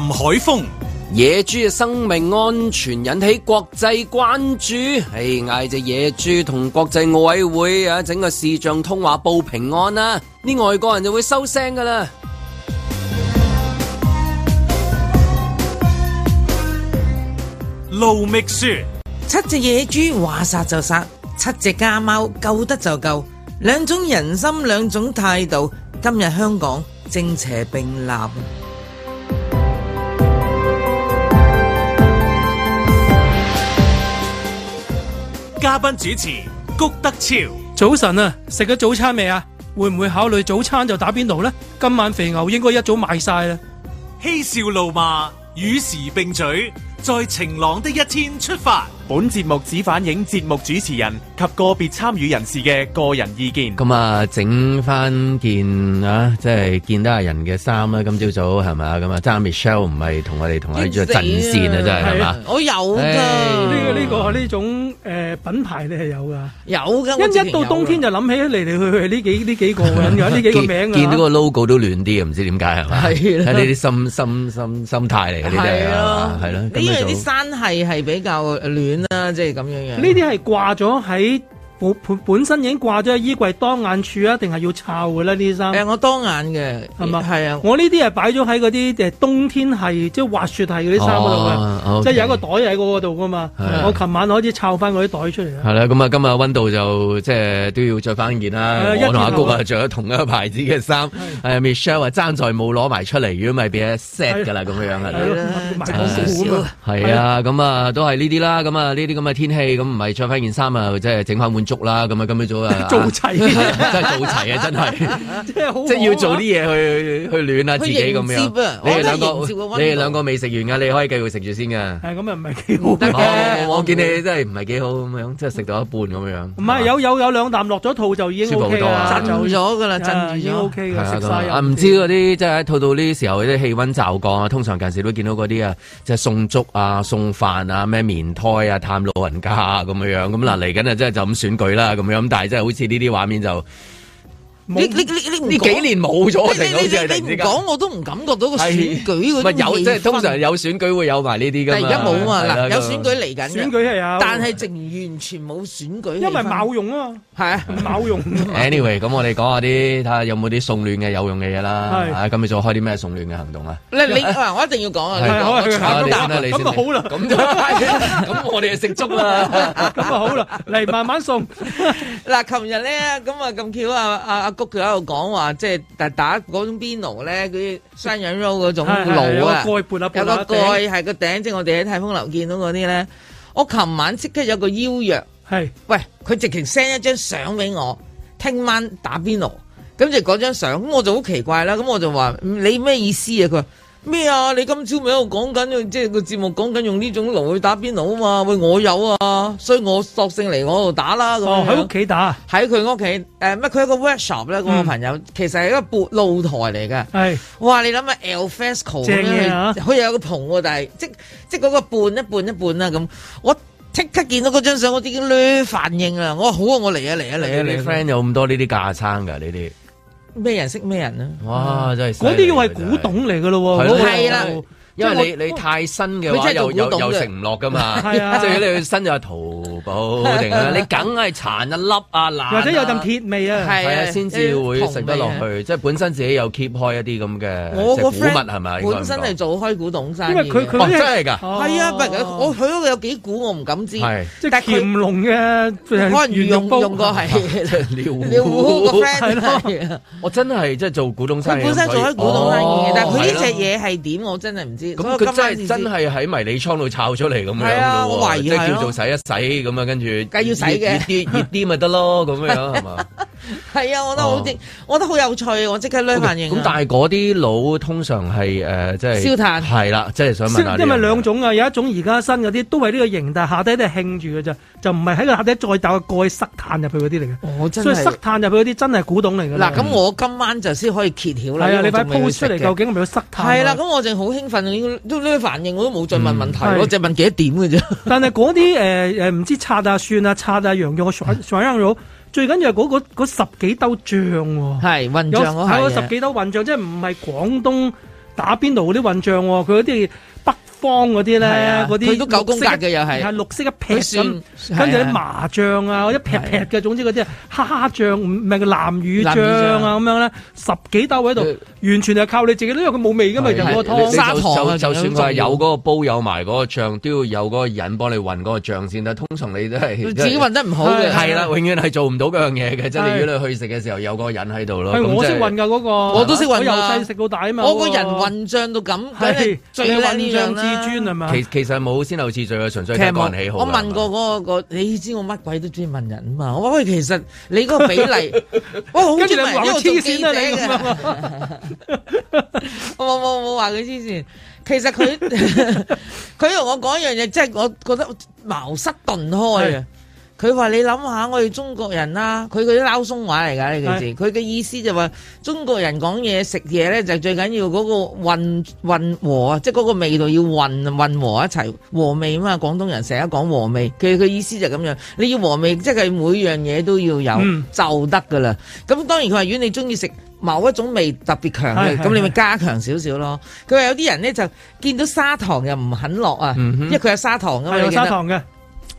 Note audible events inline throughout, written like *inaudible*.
林海峰，野豬嘅生命安全引起國際關注。哎，嗌隻野豬同國際奧委會啊，整個視像通話報平安啦、啊，啲外國人就會收聲噶啦。盧覓雪，七隻野豬話殺就殺，七隻家貓救得就救，兩種人心，兩種態度，今日香港正邪並立。嘉賓主持谷德昭早晨啊，食咗早餐未啊？會唔會考慮早餐就打邊爐呢？今晚肥牛應該一早賣晒啦。嬉笑怒罵與時並舉，在晴朗的一天出發。本節目只反映節目主持人及個別參與人士嘅個人意見。咁啊，整翻件啊，即係見得下人嘅衫啦。今朝早係咪啊？咁啊，Jammy Show 唔係同我哋同阿陣線啊，啊真係係嘛？我有噶，呢個呢個呢種。誒、呃、品牌你係有噶，有噶，一一到冬天就諗起嚟嚟去去呢幾呢幾個㗎，呢 *laughs* 幾個名，啊，見到個 logo 都暖啲 *laughs* 啊，唔知點解係嘛？係呢啲心心心心態嚟嘅，係咯係咯。呢啲山係係比較暖啦，即係咁樣樣。呢啲係掛咗喺。本身已經掛咗喺衣櫃當眼處啊，定係要摷嘅啦？呢啲衫誒，我當眼嘅係咪？係啊，我呢啲係擺咗喺嗰啲冬天係即係滑雪係嗰啲衫嗰度嘅，即係有一個袋喺嗰度㗎嘛。我琴晚開始摷翻嗰啲袋出嚟啦。係啦，咁啊，今日溫度就即係都要著翻件啦，我同阿谷啊，着咗同一個牌子嘅衫，啊啊啊。Michelle 啊爭在冇攞埋出嚟，如果咪變咗 set 㗎啦，咁樣樣係。係啦，著少少。係啊，咁啊都係呢啲啦。咁啊呢啲咁嘅天氣，咁唔係着翻件衫啊，即係整翻換。啦，咁啊，做啊，做齊，真係做齊啊， *laughs* 真係的， *laughs* 即係要做啲嘢去 *laughs* 去暖下自己咁樣。 *laughs* 你哋兩個，你哋兩個未食完噶，你，你可以繼續食住先噶。誒、啊，咁又唔係幾好嘅，我，我，我， *laughs* 我見你真係唔係幾好咁 *laughs* 樣，即係食到一半咁樣。唔係，有有有兩啖落咗肚就已經、OK、舒服好多啊！震咗㗎啦，yeah，已經 OK 唔、啊、知嗰啲即係喺吐到呢時候啲氣温驟降啊，通常近時都見到嗰啲啊，即、就、係、是、送粥啊、送飯啊、咩棉胎啊、探老人家啊咁樣。咁嗱嚟緊啊，即係就咁選，佢啦咁樣咁，但係真係好似呢啲畫面就。你你你你唔呢幾年冇咗？你你你你唔講我都唔感覺到個選舉嗰啲。唔係有即係通常有選舉會有埋呢啲噶嘛。而家冇啊嘛，有選舉嚟緊。選舉係有。但係直完全冇選舉。因為冇用啊嘛，係啊冇用。Anyway，咁我哋講下啲睇下有冇啲送暖嘅有用嘅嘢啦。係啊，咁你仲開啲咩送暖嘅行動啊？你你我一定要講啊。係啊，咁啊好啦，咁就係啦。咁我哋食粥啦，咁啊好啦，嚟慢慢送。嗱，琴日咧咁啊咁巧啊啊！佢喺度講話，即係打打嗰種邊爐咧，嗰啲山羊肉嗰種爐啊，有個蓋係個，個頂，即係我哋喺泰豐樓見到嗰啲咧。我琴晚即刻有個邀約，係喂佢直情 send 一張相俾我，聽晚打邊爐，咁就講張相，咁我就好奇怪啦。咁我就話你咩意思啊？佢。咩啊？你今朝咪喺度講緊，即係個節目講緊用呢種爐去打邊爐啊嘛？喂，我有啊，所以我索性嚟我度打啦咁。哦，喺屋企打，喺佢屋企誒，乜佢有個 workshop 咧？嗰個朋友、嗯、其實係一個半露台嚟嘅。係、嗯、哇，你諗下 Alfresco 咁、啊、樣，好似有個棚，但係即即嗰個半一半一半啦咁。我即刻見到嗰張相，我已經攣反應啦。我話好啊，我嚟啊嚟啊嚟啊！你 friend 有咁多呢啲架生噶呢啲。咩人識咩人咧？哇！嗯，真係嗰啲要係古董嚟噶咯喎，係啦。因為你你太新嘅話，又又又食唔落噶嘛。係啊，你去新就係淘寶，你梗係殘一粒啊爛，或者有咁鐵味啊，係啊，先至會食得落去。即係本身自己有 keep 開一啲咁嘅。我個 friend 係咪本身係做開古董生意？因為佢佢真係㗎，係啊，我佢嗰個有幾古我唔敢知。但即係乾隆嘅漢玉用用過係。你會 friend 是的我真係即係做古董生意。本身做開古董生意嘅，但係佢呢隻嘢係點我真係唔知。咁佢真係真係喺迷你倉度炒出嚟咁樣咯喎，啊、即係叫做洗一洗咁啊，跟住梗要洗嘅，熱啲熱啲咪得咯，咁 *laughs* 樣係嘛？ *laughs* 係啊，我覺得好我覺得好有趣，我即刻呢反應。咁、okay, 但係嗰啲佬通常係誒，即係燒炭係啦，即係想問因啲。兩種啊？有一種而家新嗰啲都係呢個型，但下底都係興住嘅咋，就唔係喺個下底再個蓋塞炭入去嗰啲嚟嘅。真係，所以塞炭入去嗰啲真係古董嚟嘅。嗱、啊，咁我今晚就先可以揭曉啦。這個啊、你快 post 出嚟，究竟係咪要塞炭，啊？係啦，咁我淨好興奮。都呢反應，我都冇再問問題，嗯、我淨係問幾多點嘅啫。 *laughs* 但係嗰啲誒誒，唔、呃、知擦啊蒜啊，擦啊，刷啊羊肉，我 *laughs* 最緊要係、嗰個、十幾兜醬喎，係混醬有十幾兜混醬，即係唔係廣東打邊爐啲混醬喎、哦，佢嗰啲。方嗰啲咧，嗰啲都九宮格嘅又係，係綠色一劈跟住啲麻醬啊，一劈劈嘅，總之嗰啲蝦醬唔唔係個南乳醬啊咁樣咧，十幾兜喺度，完全就靠你自己，因為佢冇味噶嘛、啊，就個湯砂就就算佢有嗰個煲有埋嗰個醬，都要有嗰個人幫你混嗰個醬先得。通常你都係自己混得唔好嘅，係啦、啊啊，永遠係做唔到嗰樣嘢嘅、啊。真係，如果你去食嘅時候有個人喺度咯，我識混噶嗰個，我都識混。我由細食到大啊嘛，我個人混醬到咁，梗尊啊嘛，其其實冇先後次序啊，純粹聽個人喜好。我問過我、那個你知我乜鬼都中意問人啊嘛，我喂其實你嗰個比例， *laughs* 哇好聰明，痴線啊你咁樣 *laughs* 我冇，冇，冇，我話佢痴線，其實佢佢同我講一樣嘢，即係我覺得茅塞頓開啊。佢話：你諗下，我哋中國人啦、啊，佢嗰啲撈鬆話嚟㗎呢件事。佢嘅意思就話、是，中國人講嘢食嘢咧，就最緊要嗰個混混和啊，即係嗰個味道要混混和一齊和味啊嘛。廣東人成日講和味，佢佢意思就咁樣。你要和味，即、就、係、是、每樣嘢都要有、嗯、就得㗎啦。咁當然佢話，如果你中意食某一種味特別強嘅，咁你咪加強少少咯。佢話有啲人咧就見到砂糖又唔肯落啊、嗯，因為佢有砂糖啊嘛。砂糖嘅。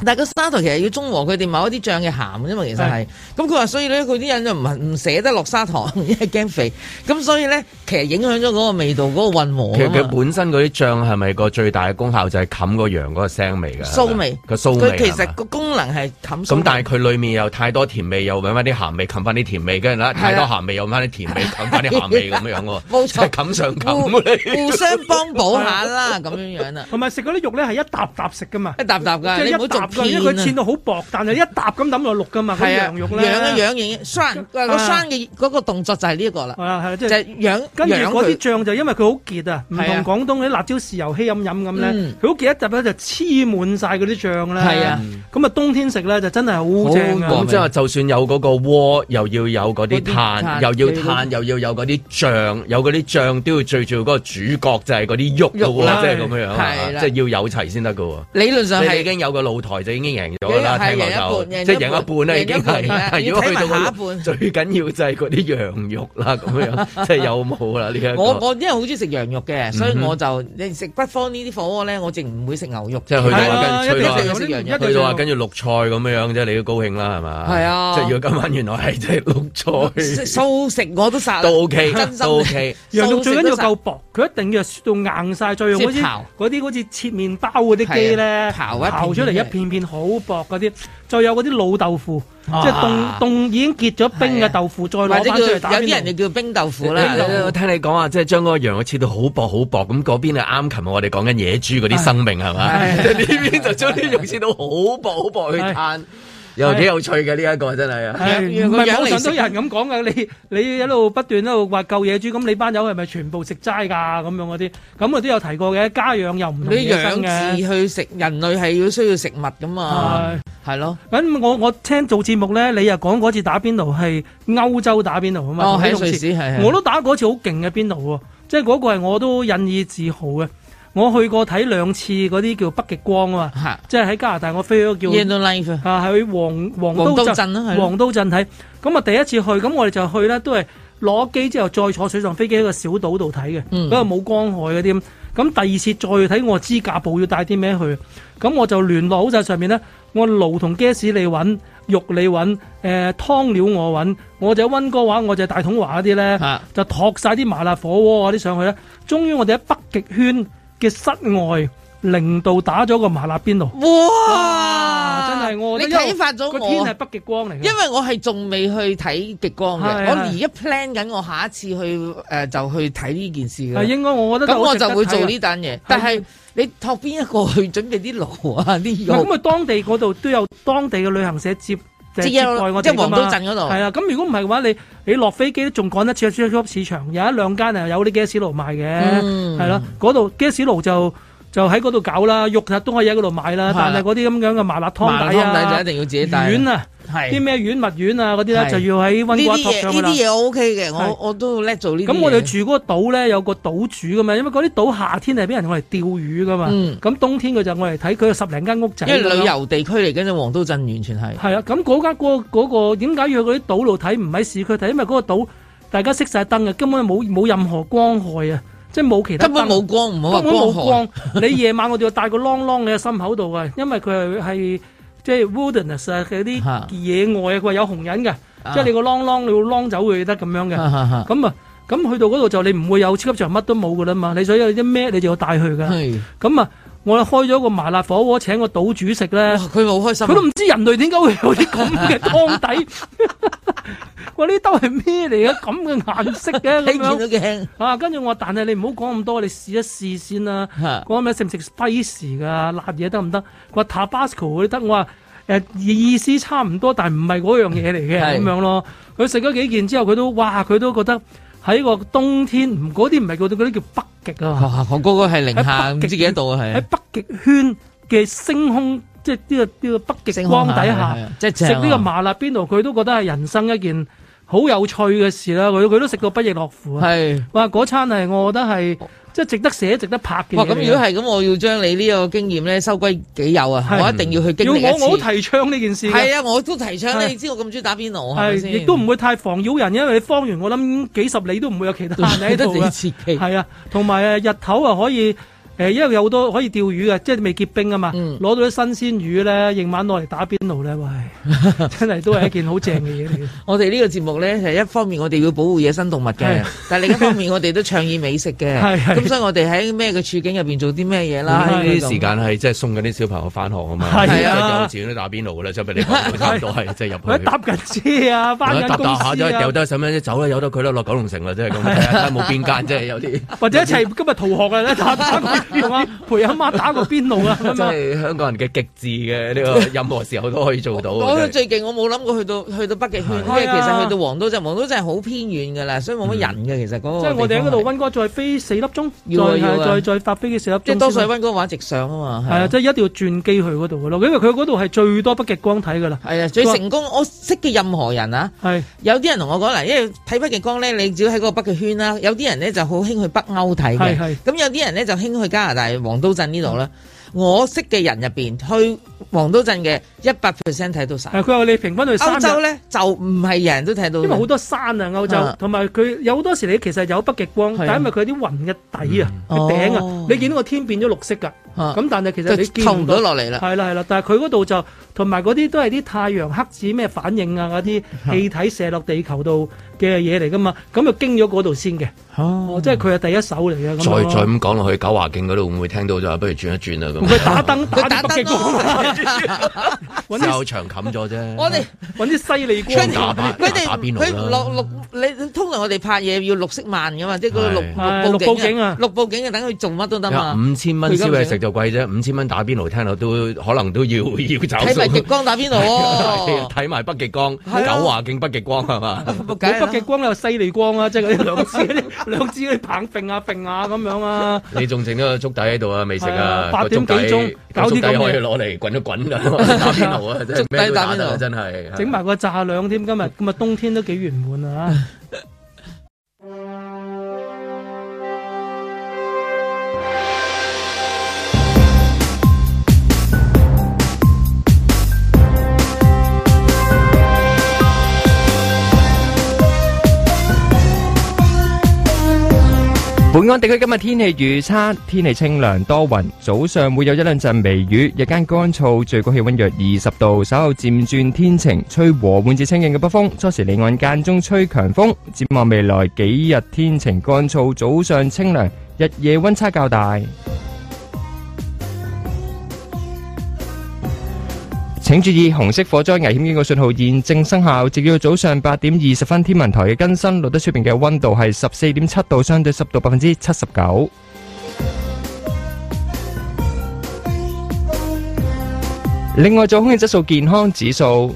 但係個砂糖其實要中和佢哋某一啲醬嘅鹹嘅啫嘛，其實係。咁佢話所以咧，佢啲人就唔係唔捨得落砂糖，因為驚肥。咁所以咧，其實影響咗嗰個味道、嗰個混和。其實佢本身嗰啲醬係咪個最大嘅功效就係冚個羊嗰個腥味㗎？臊味。佢其實個功能係冚。咁但係佢裡面有太多甜味，又揾翻啲鹹味冚翻啲甜味，跟住咧太多鹹味又揾翻啲甜味冚翻啲鹹味咁樣樣喎。冇錯。冚上冚。互相幫補下啦，咁樣樣啦。同埋食嗰啲肉咧係一揼揼食㗎嘛，一揼揼㗎。你唔好啊、因為佢切到好薄，但係一搭咁冧落六噶嘛。係羊肉咧，養嘅養嘢，生個生嘅嗰個動作就係呢一個啦。係係即係養。跟住嗰啲醬就因為佢好結啊，唔同廣東啲辣椒豉油稀飲飲咁咧，佢好結一搭咧就黐滿晒嗰啲醬咧。係啊，咁、嗯、啊冬天食咧就真係好正、嗯。咁即係就算有嗰個窩又要有嗰啲炭，又要炭，又要有嗰啲醬，有嗰啲醬都要最重要嗰個主角就係嗰啲肉咯，即係咁樣樣即係要有齊先得噶。理論上係已經有個露台。就已經贏咗啦，睇埋就即係贏一半啦，已經係。如果去到下一半，最緊要就係嗰啲羊肉啦，咁樣即係有冇啦呢一個。我我因為好中意食羊肉嘅，所以我就食北方呢啲火鍋咧，我淨唔會食牛肉。即係去到啊，跟住食咗啲羊肉，去到啊，跟住淥菜咁樣啫，你都高興啦，係嘛？係啊！即係如果今晚原來係即係淥菜，素食我都殺都 OK，真心 OK。羊肉最緊要夠薄，佢一定要雪到硬晒，再用嗰啲嗰啲好似切麵包嗰啲機咧刨刨出嚟一片。片好薄嗰啲，再有嗰啲老豆腐，啊、即係凍凍已經結咗冰嘅豆腐，再攞翻出嚟打。有啲人就叫冰豆腐啦。腐，你聽你講啊，即係將嗰個羊肉切到好薄好薄，咁嗰邊係啱。琴日我哋講緊野豬嗰啲生命係嘛，呢 *laughs* 邊就將啲肉切到好薄好薄去嘆。又幾有趣嘅呢一個真係啊！唔係都有人咁講㗎。你你一路不斷喺度話舊野豬，咁你班友係咪全部食齋㗎咁樣嗰啲？咁我都有提過嘅，家養又唔同，你養字去食，人類係要需要食物噶嘛，係咯。咁我我聽做節目咧，你又講嗰次打邊爐係歐洲打邊爐啊嘛？喺、哦、瑞士係係我都打嗰次好勁嘅邊爐喎，即係嗰個係我都引以自豪嘅。我去過睇兩次嗰啲叫北極光啊，啊即係喺加拿大我飛咗叫 yeah, 啊喺黃黃,黃都鎮黃都鎮睇。咁啊第一次去，咁我哋就去咧，都係攞機之後再坐水上飛機喺個小島度睇嘅，嗰個冇光害嗰啲咁。第二次再睇我知架步要帶啲咩去，咁我就聯絡好晒上面咧，我爐同 gas 你揾，肉你揾，誒、呃、湯料我揾，我就喺温哥華我就大統華嗰啲咧，就托晒啲麻辣火鍋嗰啲上去咧。終於我哋喺北極圈。嘅室外零度打咗個麻辣邊爐？哇！真係我，我你睇發咗個天係北極光嚟。因為我係仲未去睇極光嘅，我而家 plan 緊我下一次去誒、呃，就去睇呢件事嘅。係應該，我覺得咁我，我就會做呢單嘢。但係你託邊一個去準備啲路啊？呢咁啊，當地嗰度都有當地嘅旅行社接。即即黃我鎮啊度，係咁，如果唔係嘅話，你你落飛機都仲趕得切超級市場有一兩間啊，有啲 gas 爐賣嘅，係、嗯、咯，嗰度 gas 爐就。就喺嗰度搞啦，肉日都可以喺嗰度買啦。但係嗰啲咁樣嘅麻辣湯底啊，麻辣湯底就一定要自己帶、啊。丸啊，啲咩丸物丸啊嗰啲咧，就要喺溫哥華呢啲嘢呢 OK 嘅，我我都叻做呢。咁我哋住嗰個島咧，有個島主㗎嘛。因為嗰啲島夏天係俾人用嚟釣魚噶嘛。咁、嗯、冬天佢就我嚟睇，佢有十零間屋仔。因為旅遊地區嚟嘅啊，黃都鎮完全係。係啊，咁嗰間嗰嗰個點解、那個那個那個、要去嗰啲島度睇？唔喺市區睇，因為嗰個島大家熄晒燈呀，根本冇冇任何光害啊！即係冇其他，根本冇光，唔好話光，光你夜晚我哋要帶個啷啷喺心口度嘅， *laughs* 因為佢係係即係 wooden s s 實嗰啲野外啊，佢有紅人嘅、啊，即係你個啷啷你要啷走佢得咁樣嘅。咁啊，咁、啊、去到嗰度就你唔會有超級場乜都冇噶啦嘛，你所以啲咩你就要帶去噶。咁啊。我開咗個麻辣火鍋，請個島主食咧，佢好開心。佢都唔知人類點解會有啲咁嘅湯底。喂， *laughs* *laughs* 呢兜係咩嚟嘅？咁嘅顏色嘅咁 *laughs* 樣見到。啊，跟住我但係你唔好講咁多，你試一試先啦。講咩食唔食 spicy 噶，辣嘢得唔得？Tabasco 嗰啲得。Tabasco, 我話誒、呃、意思差唔多，但係唔係嗰樣嘢嚟嘅咁樣咯。佢食咗幾件之後，佢都哇，佢都覺得。喺個冬天，唔嗰啲唔係嗰啲嗰啲叫北極啊！哦、我嗰個係零下唔知幾多度啊！係喺北極圈嘅星空，即係呢個呢、呢個北極光底下，食呢個麻辣邊度，佢都覺得係人生一件。好有趣嘅事啦，佢佢都食到不亦樂乎啊！係，哇嗰餐係，我覺得係即係值得寫、值得拍嘅。哇！咁如果係咁，我要將你呢個經驗咧收歸己有啊！我一定要去經歷一次。我好提倡呢件事。係啊，我都提倡。你知我咁中意打邊爐係咪先？亦都唔會太防擾人，因為方圓我諗幾十里都唔會有其他人 *laughs* 你喺度嘅。幾刺激！係啊，同埋誒日頭啊可以。誒，因為有好多可以釣魚嘅，即係未結冰啊嘛，攞、嗯、到啲新鮮魚咧，夜晚攞嚟打邊爐咧，喂，真係都係一件好正嘅嘢。嚟。 *laughs* 我哋呢個節目咧，係一方面我哋要保護野生動物嘅，但係另一方面我哋都倡議美食嘅，咁所以我哋喺咩嘅處境入邊做啲咩嘢啦？啲、嗯嗯呢個、時間係即係送緊啲小朋友翻學啊嘛，係啊，幼稚園都打邊爐噶啦，準備嚟，都係即係入去。我搭緊車啊，翻 *laughs* 緊公司、啊搭走。搭下咗，掉低手咩啫？走啦，由得佢啦，落九龍城啦，真係咁，太冇邊間即係 *laughs* 有啲。或者一齊今日逃學啦，搭 *laughs* 陪阿媽打個邊爐啊！即係、啊、 *laughs* 香港人嘅極致嘅呢個， *laughs* 任何時候都可以做到。 *laughs* 的是 *laughs* 最近我冇諗過去到去到北極圈、啊，因為其實去到黃島就黃島真係好偏遠㗎啦，所以冇乜人嘅、嗯、其實嗰個。即係我哋喺嗰度温哥再飛四粒鐘、啊，再、啊、再再再發飛嘅四粒鐘。即係多數喺温哥華直上啊嘛。係啊，啊，即係一定要轉機去嗰度嘅咯，因為佢嗰度係最多北極光睇㗎啦。係啊，最成功我識嘅任何人啊，係、啊、有啲人同我講嗱，因為睇北極光咧，你只要喺嗰個北極圈啦、啊。有啲人咧就好興去北歐睇咁、啊啊、有啲人咧就興去加拿大黃刀鎮呢度咧，我識嘅人入邊去黃刀鎮嘅。一百 percent 睇到晒，佢話你平均去歐洲咧，就唔係人人都睇到。因為好多山啊，歐洲，同埋佢有好多時你其實有北極光，啊、但係因為佢啲雲嘅底啊、頂、嗯、頂啊，你見到個天變咗綠色㗎。咁、嗯、但係其實你見唔到落嚟啦。係啦係啦，但係佢嗰度就同埋嗰啲都係啲太陽黑子咩反應啊，嗰啲氣體射落地球度嘅嘢嚟㗎嘛。咁就經咗嗰度先嘅。哦，即係佢係第一手嚟嘅。再再咁講落去，九華徑嗰度會唔會聽到就不如轉一轉啊咁。佢打燈，打到北極光 *laughs* *laughs* 靠牆冚咗啫，我哋揾啲犀利光打，佢哋佢落綠，你通常我哋拍嘢要六色慢噶嘛，即係個六綠布景啊，六布景啊，等佢做乜都得五千蚊宵夜食就貴啫，五千蚊打邊爐，聽落都可能都要要走。睇埋極光打邊爐，睇 *laughs* 埋北極光，啊、九華鏡北極光係嘛？啊啊啊、北極光有犀利光啊，即係嗰啲兩支嗰兩支嗰啲棒揈啊揈下咁樣啊。你仲剩咗個竹底喺度啊，未食啊？八點幾鐘，九底可以攞嚟滾一滾啊！今日，捉低真係，整埋個炸兩添，今日冬天都幾圓滿啊！ *laughs* 本港地區今日天氣預測：天氣清涼多雲，早上會有一兩陣微雨，日間乾燥，最高氣溫約二十度，稍後漸轉天晴，吹和緩至清勁嘅北風，初時離岸間中吹強風。展望未來幾日天晴乾燥，早上清涼，日夜溫差較大。請注意紅色火災危險警告信號現正生效，直到早上八點二十分。天文台嘅更新錄得出面嘅溫度係十四點七度，相對濕度百分之七十九。另外，做空氣質素健康指數，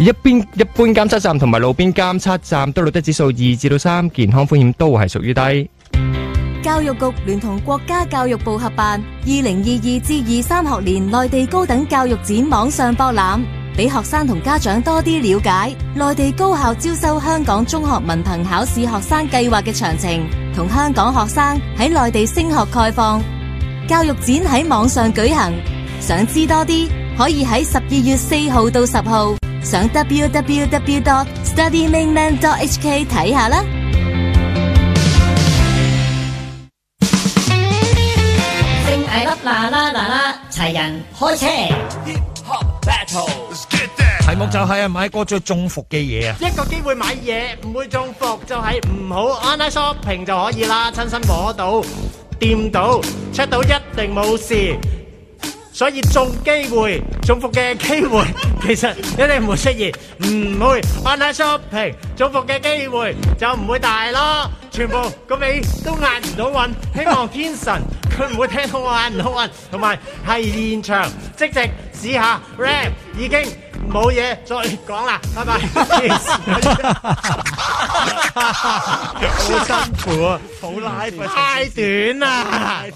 一邊一般監測站同埋路邊監測站都錄得指數二至到三，健康風險都係屬於低。教育局聯同國家教育部合辦二零二二至二三學年內地高等教育展網上博覽，俾學生同家長多啲了解內地高校招收香港中學文憑考試學生計劃嘅詳情，同香港學生喺內地升學概況，教育展喺網上舉行，想知多啲可以喺十二月四號到十號上 www.studymainland.hk 睇下啦。嚟啦啦啦啦！齊人開車。題目就係啊，買個最中伏嘅嘢啊！一個機會買嘢唔會中伏，就係唔好 online shopping 就可以啦，親身摸到、掂到、check 到一定冇事。所以中機會、中伏嘅機會，其實一定唔會出現，唔會 online shopping 中伏嘅機會就唔會大咯。全部個尾都壓唔到韻，希望天神佢唔會聽到我壓唔到韻，同埋係現場即席試下 rap 已經冇嘢再講啦，拜拜。好辛苦啊，好 live 啊，太短啦，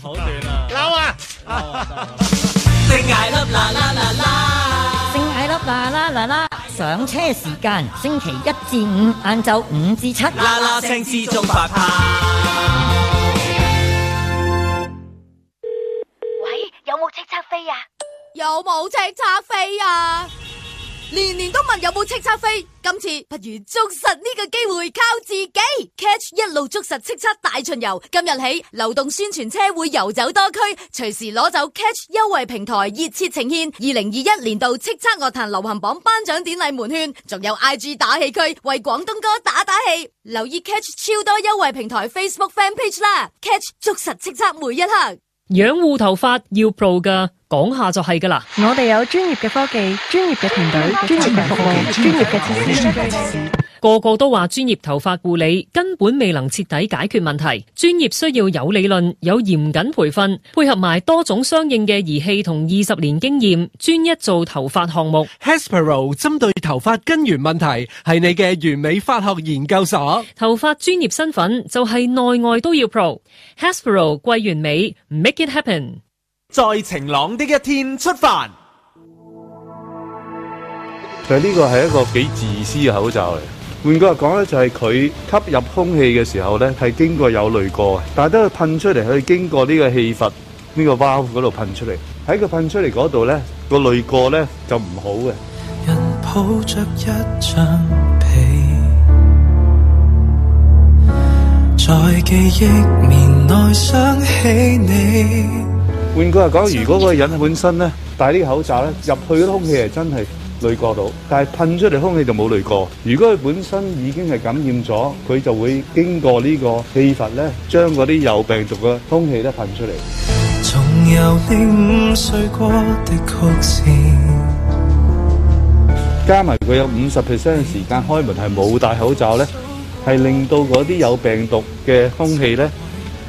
好短啦，嬲啊！正解啦啦啦啦。啦啦啦啦，上車時間，星期一至五晏晝五至七，啦啦聲之中發派。喂，有冇叱咤飛啊？有冇叱咤飛啊？年年都問有冇叱咤飛，今次不如捉實呢個機會，靠自己。Catch 一路捉實叱咤大巡遊，今日起流動宣傳車會游走多區，隨時攞走 Catch 優惠平台，熱切呈現二零二一年度叱咤樂壇流行榜頒獎典禮門券，仲有 IG 打氣區為廣東歌打打氣，留意 Catch 超多優惠平台 Facebook fan page 啦。Catch 捉實叱咤每一刻。養護頭髮要 pro 㗎，講下就係噶啦。我哋有專業嘅科技、專業嘅團隊、專業嘅服務、專業嘅設施。個個都話專業頭髮護理根本未能徹底解決問題，專業需要有理論、有嚴謹培訓，配合埋多種相應嘅儀器同二十年經驗，專一做頭髮項目。Hespero 針對頭髮根源問題，係你嘅完美髮學研究所。頭髮專業身份就係內外都要 pro。Hespero 貴完美，make it happen。在晴朗的一天出發。就呢個係一個幾自私嘅口罩嚟。換句話講咧，就係佢吸入空氣嘅時候咧，係經過有濾過，但係都係噴出嚟，佢經過呢個氣閥呢個 valve 嗰度噴出嚟，喺佢噴出嚟嗰度咧，個濾過咧就唔好嘅。人抱着一張被，在記憶棉內想起你。換句話講，如果個人本身咧戴呢個口罩咧，入去嘅空氣係真係。濾過到，但係噴出嚟，空氣就冇濾過。如果佢本身已經係感染咗，佢就會經過呢個氣閥咧，將嗰啲有病毒嘅空氣咧噴出嚟。從游歷午睡過的曲線，加埋佢有五十 percent 嘅時間開門係冇戴口罩咧，係令到嗰啲有病毒嘅空氣咧，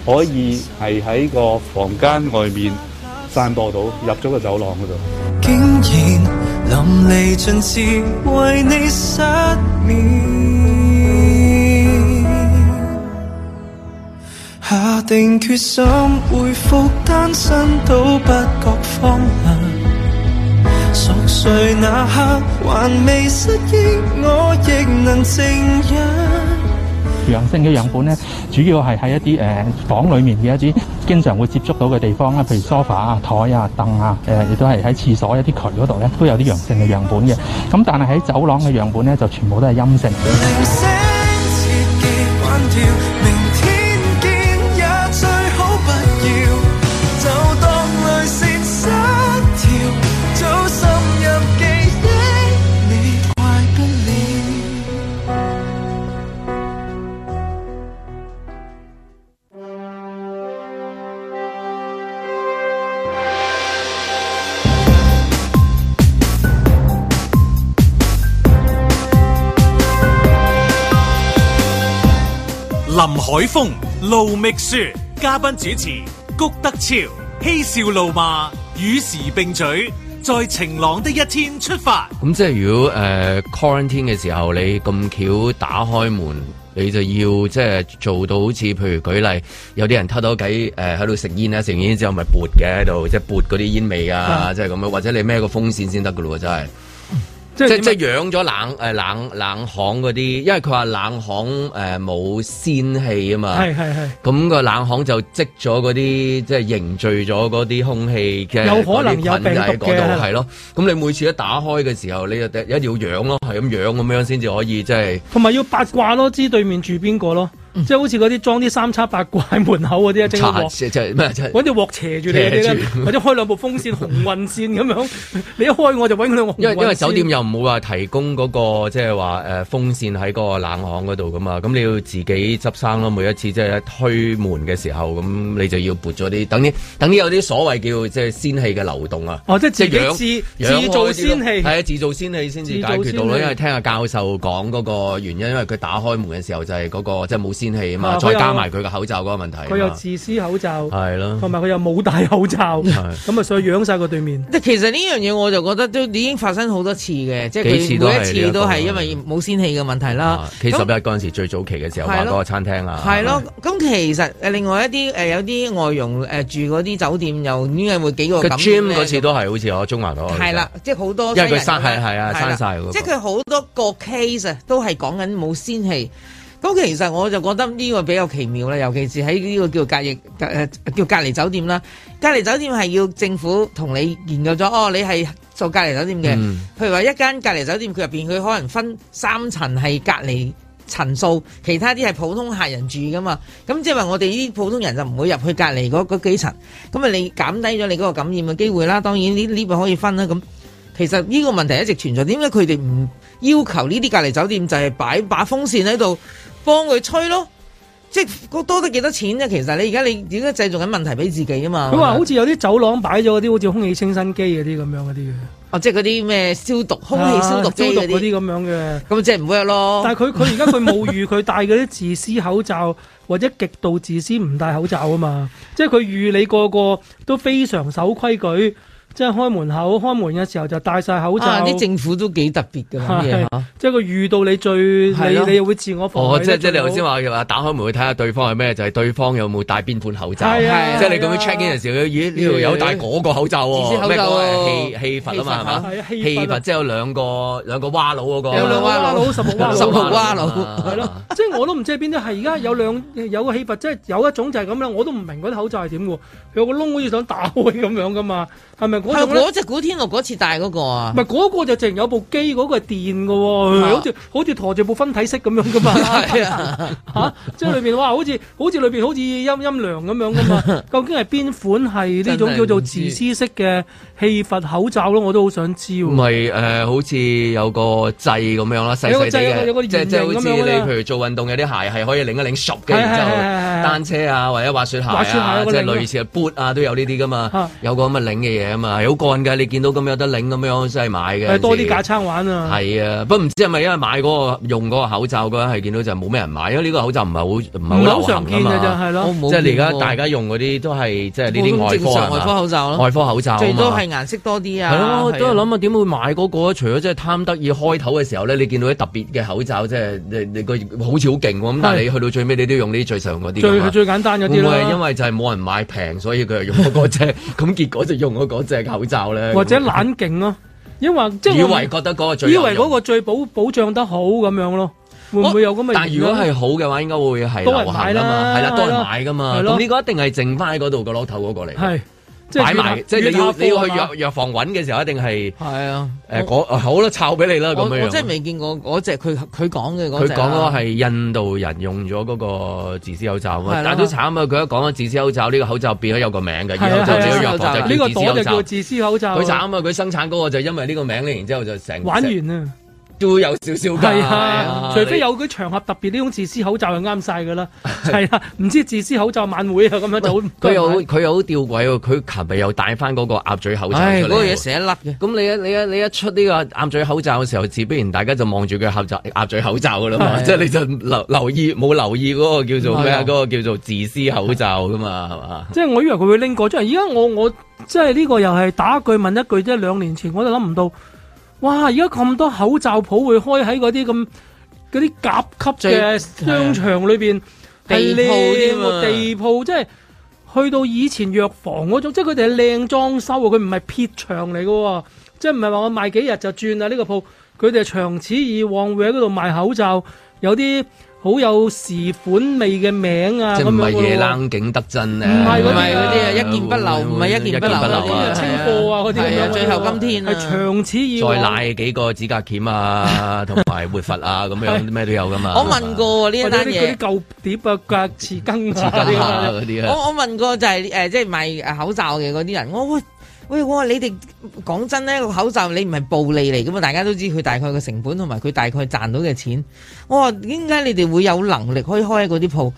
可以係喺個房間外面散播到入咗個走廊嗰度。竟然。淋漓盡致為你失眠，下定決心回復單身都不覺荒涼。熟睡那刻還未失憶，我亦能靜養。陽性嘅樣本咧，主要係喺一啲誒、呃、房裡面嘅一啲經常會接觸到嘅地方啦，譬如梳化啊、枱啊、凳啊，誒、呃、亦都係喺廁所一啲渠嗰度咧，都有啲陽性嘅樣本嘅。咁但係喺走廊嘅樣本咧，就全部都係陰性嘅。海風露蜜雪，嘉賓主持谷德昭，嬉笑怒罵與時並舉，在晴朗的一天出發。咁、嗯、即係如果誒、呃、quarantine 嘅時候你咁巧打開門，你就要即係做到好似，譬如舉例有啲人偷偷喺誒喺度食煙咧，食完煙之後咪撥嘅喺度，即係撥嗰啲煙味啊，嗯、即係咁樣或者你孭個風扇先得噶咯，真係。即即即養咗冷誒、呃、冷冷巷嗰啲，因為佢話冷巷誒冇仙氣啊嘛，係係係。咁個冷巷就積咗嗰啲，即係凝聚咗嗰啲空氣嘅，有可能些有病毒度係咯。咁的你每次一打開嘅時候，你就一定要養咯，係咁養咁樣先至可以，即係同埋要八卦咯，知對面住邊個咯。即係好似嗰啲裝啲三叉八怪喺門口嗰啲啊，即係搵隻鑊斜住你,你，或者開兩部風扇、鴻運扇咁樣，你一開我就搵兩。因為因為酒店又唔會話提供嗰、嗰個即係話誒風扇喺個冷巷嗰度㗎嘛，咁你要自己執生咯。每一次即係、即係、推門嘅時候，咁你就要撥咗啲等啲等啲有啲所謂叫即係、即係、仙氣嘅流動啊。哦，即係自己自自造仙氣係啊，自造仙氣先至解決到囉。因為聽阿教授講嗰個原因，因為佢打開門嘅時候就係嗰、嗰個即係冇。就是那個就是鮮氣啊嘛，再加埋佢嘅口罩嗰個問題，佢又自私口罩，係咯，同埋佢又冇戴口罩，咁啊，所以仰晒個對面。即其實呢樣嘢，我就覺得都已經發生好多次嘅，即係每一次都係因為冇鮮氣嘅問題啦。佢十一嗰陣時最早期嘅時候，喺嗰個餐廳啊。係咯，咁其實誒，另外一啲誒、呃，有啲外傭誒、呃，住嗰啲酒店又呢樣會幾個咁嘅。個 Gym 嗰次都係好似我中環嗰個。係啦，即係好多。因為佢生係，係啊，生晒。即係佢好多個 case 啊，都係講緊冇鮮氣。咁其實我就覺得呢個比較奇妙啦，尤其是喺呢個叫隔翼、呃、叫隔離酒店啦。隔離酒店係要政府同你研究咗，哦，你係做隔離酒店嘅，嗯。譬如話一間隔離酒店，佢入邊佢可能分三層係隔離層數，其他啲係普通客人住噶嘛。咁即係話我哋啲普通人就唔會入去隔離嗰嗰幾層。咁啊，你減低咗你嗰個感染嘅機會啦。當然呢呢個可以分啦。咁其實呢個問題一直存在，點解佢哋唔要求呢啲隔離酒店就係擺把風扇喺度？幫佢吹咯，即係多得幾多錢啫。其實你而家你點解製造緊問題俾自己啊嘛？佢話好似有啲走廊擺咗嗰啲好似空氣清新機嗰啲咁樣嗰啲嘅，哦，即係嗰啲咩消毒空氣消毒那些、啊、消毒嗰啲咁樣嘅，咁即係唔 work 咯。但係佢佢而家佢冇預，佢戴嗰啲自私口罩 *laughs* 或者極度自私唔戴口罩啊嘛，即係佢預你個個都非常守規矩。即係開門口開門嘅時候就戴晒口罩。啲、啊、政府都幾特別嘅，咁即係佢遇到你最你你又會自我防止哦，即係即係你頭先話話，打開門去睇下對方係咩，就係、是、對方有冇戴邊款口罩。即係你咁樣 check 嘅陣時候的，咦呢度有戴嗰個口罩，咩嗰個氣氣閥啊嘛，係嘛？氣閥即係有兩個兩個蛙佬嗰、那個，有兩蛙佬十六蛙十六蛙佬。係、啊、咯、啊啊， *laughs* 即係我都唔知係邊啲，係而家有兩有個氣閥，即係有一種就係咁樣，我都唔明嗰啲口罩係點嘅，有個窿好似想打開咁樣噶嘛，係咪？係嗰隻古天樂嗰次戴嗰個啊？唔係、那個就淨有部機，嗰、那個係電嘅、啊，好似好似馱住部分體式咁樣噶嘛？吓、 *laughs* 啊啊，即係裏邊哇，好似好似裏邊好似陰陰涼咁樣噶嘛？ *laughs* 究竟係邊款係呢種叫做自私式嘅氣閥口罩咯？我都好想知道。唔係誒，好似有個掣咁樣啦，細細哋嘅，即係即係好似你譬如做運動有啲鞋係可以擰一擰熟嘅，然之後單車啊或者滑雪鞋、啊、滑雪即係、啊、類似 boot 啊都有呢啲噶嘛、啊，有個咁嘅擰嘅嘢啊嘛。係好干㗎，你見到咁有得領咁樣真係買嘅。誒多啲架撐玩啊！係啊，不過唔知係咪因為買嗰、嗰個用嗰個口罩嗰陣係見到就冇咩人買，因為呢個口罩唔係好唔係好流行㗎嘛。唔諗常見嘅就係咯，即係你而家大家用嗰啲都係即係呢啲正常外科口罩嘛。外科口罩咯，最多係顏色多啲啊。係咯、啊啊啊，都係諗下點會買嗰、嗰個？除咗即係貪得意，開頭嘅時候咧，你見到啲特別嘅口罩，即係你你個好似好勁喎咁，但係你去到最尾你都用呢啲最常用嗰啲。最最簡單嗰啲因為就係冇人買平，所以佢就用嗰隻、嗰個，咁 *laughs* 結果就用咗嗰隻。 *laughs* 口罩咧，或者冷勁咯， *laughs* 因為即係以為覺得嗰個最以為個最保保障得好咁樣咯，哦、會唔會有咁嘅、啊？但係如果係好嘅話，應該會係流行吖嘛，係啦，啦啦都係買噶嘛，咁呢個一定係剩翻喺嗰度個攞頭嗰個嚟。擺埋，即係你要你要去藥藥房揾嘅時候，一定係係啊，誒、呃，好啦，抄俾你啦，咁樣即我，我真係未見過嗰隻佢佢講嘅嗰隻佢講嗰係印度人用咗嗰個自私口罩啊！但係都慘啊！佢一講咗自私口罩，呢、這個口罩變咗有個名嘅，然後就喺藥房就叫自私口罩。佢慘啊！佢生產嗰個就因為呢個名然之後就成玩完啦。都有少少㗎，係啊，啊，除非有佢場合特別，呢種自私口罩就啱晒噶啦。係 *laughs* 啊，唔知自私口罩晚會啊咁樣就佢有佢又好吊詭喎，佢琴日又戴翻嗰個鴨嘴口罩出嚟。唉，嗰嘢成一粒嘅。咁你一你你，你一出呢個鴨嘴口罩嘅時候，自然大家就望住佢合罩鴨嘴口罩噶啦嘛，即係、啊就是、你就留留意冇留意嗰個叫做咩啊？嗰個叫做自私口罩噶嘛，係 *laughs* 嘛？即係我以為佢會拎過，真係。而家我我即係呢個又係打一句問一句即啫。兩年前我都諗唔到。哇！而家咁多口罩鋪會開喺嗰啲咁嗰啲甲級嘅商場裏邊，地鋪店啊，地鋪即係去到以前藥房嗰種，即係佢哋係靚裝修喎，佢唔係撇牆嚟喎。即係唔係話我賣幾日就轉啊呢，呢個鋪，佢哋係長此以往會喺嗰度賣口罩，有啲。好有時款味嘅名啊！即係唔係夜冷景得真啊，唔係嗰啲啊，一件不留，唔係一件不留啊，啊！清貨啊，嗰啲啊，啊，啊，啊，最後今天啊，長此以往再賴幾個指甲鉗啊，同 *laughs* 埋活佛啊，咁樣咩都有噶嘛！我問過呢一單嘢，或啲舊碟啊、膠匙羹、啲、啊啊啊、我我問過就係、是、誒，即係賣口罩嘅嗰啲人，我喂。喂，我話你哋講真呢個口罩你唔係暴利嚟㗎嘛？大家都知佢大概嘅成本同埋佢大概賺到嘅錢。我話點解你哋會有能力可以開嗰啲鋪？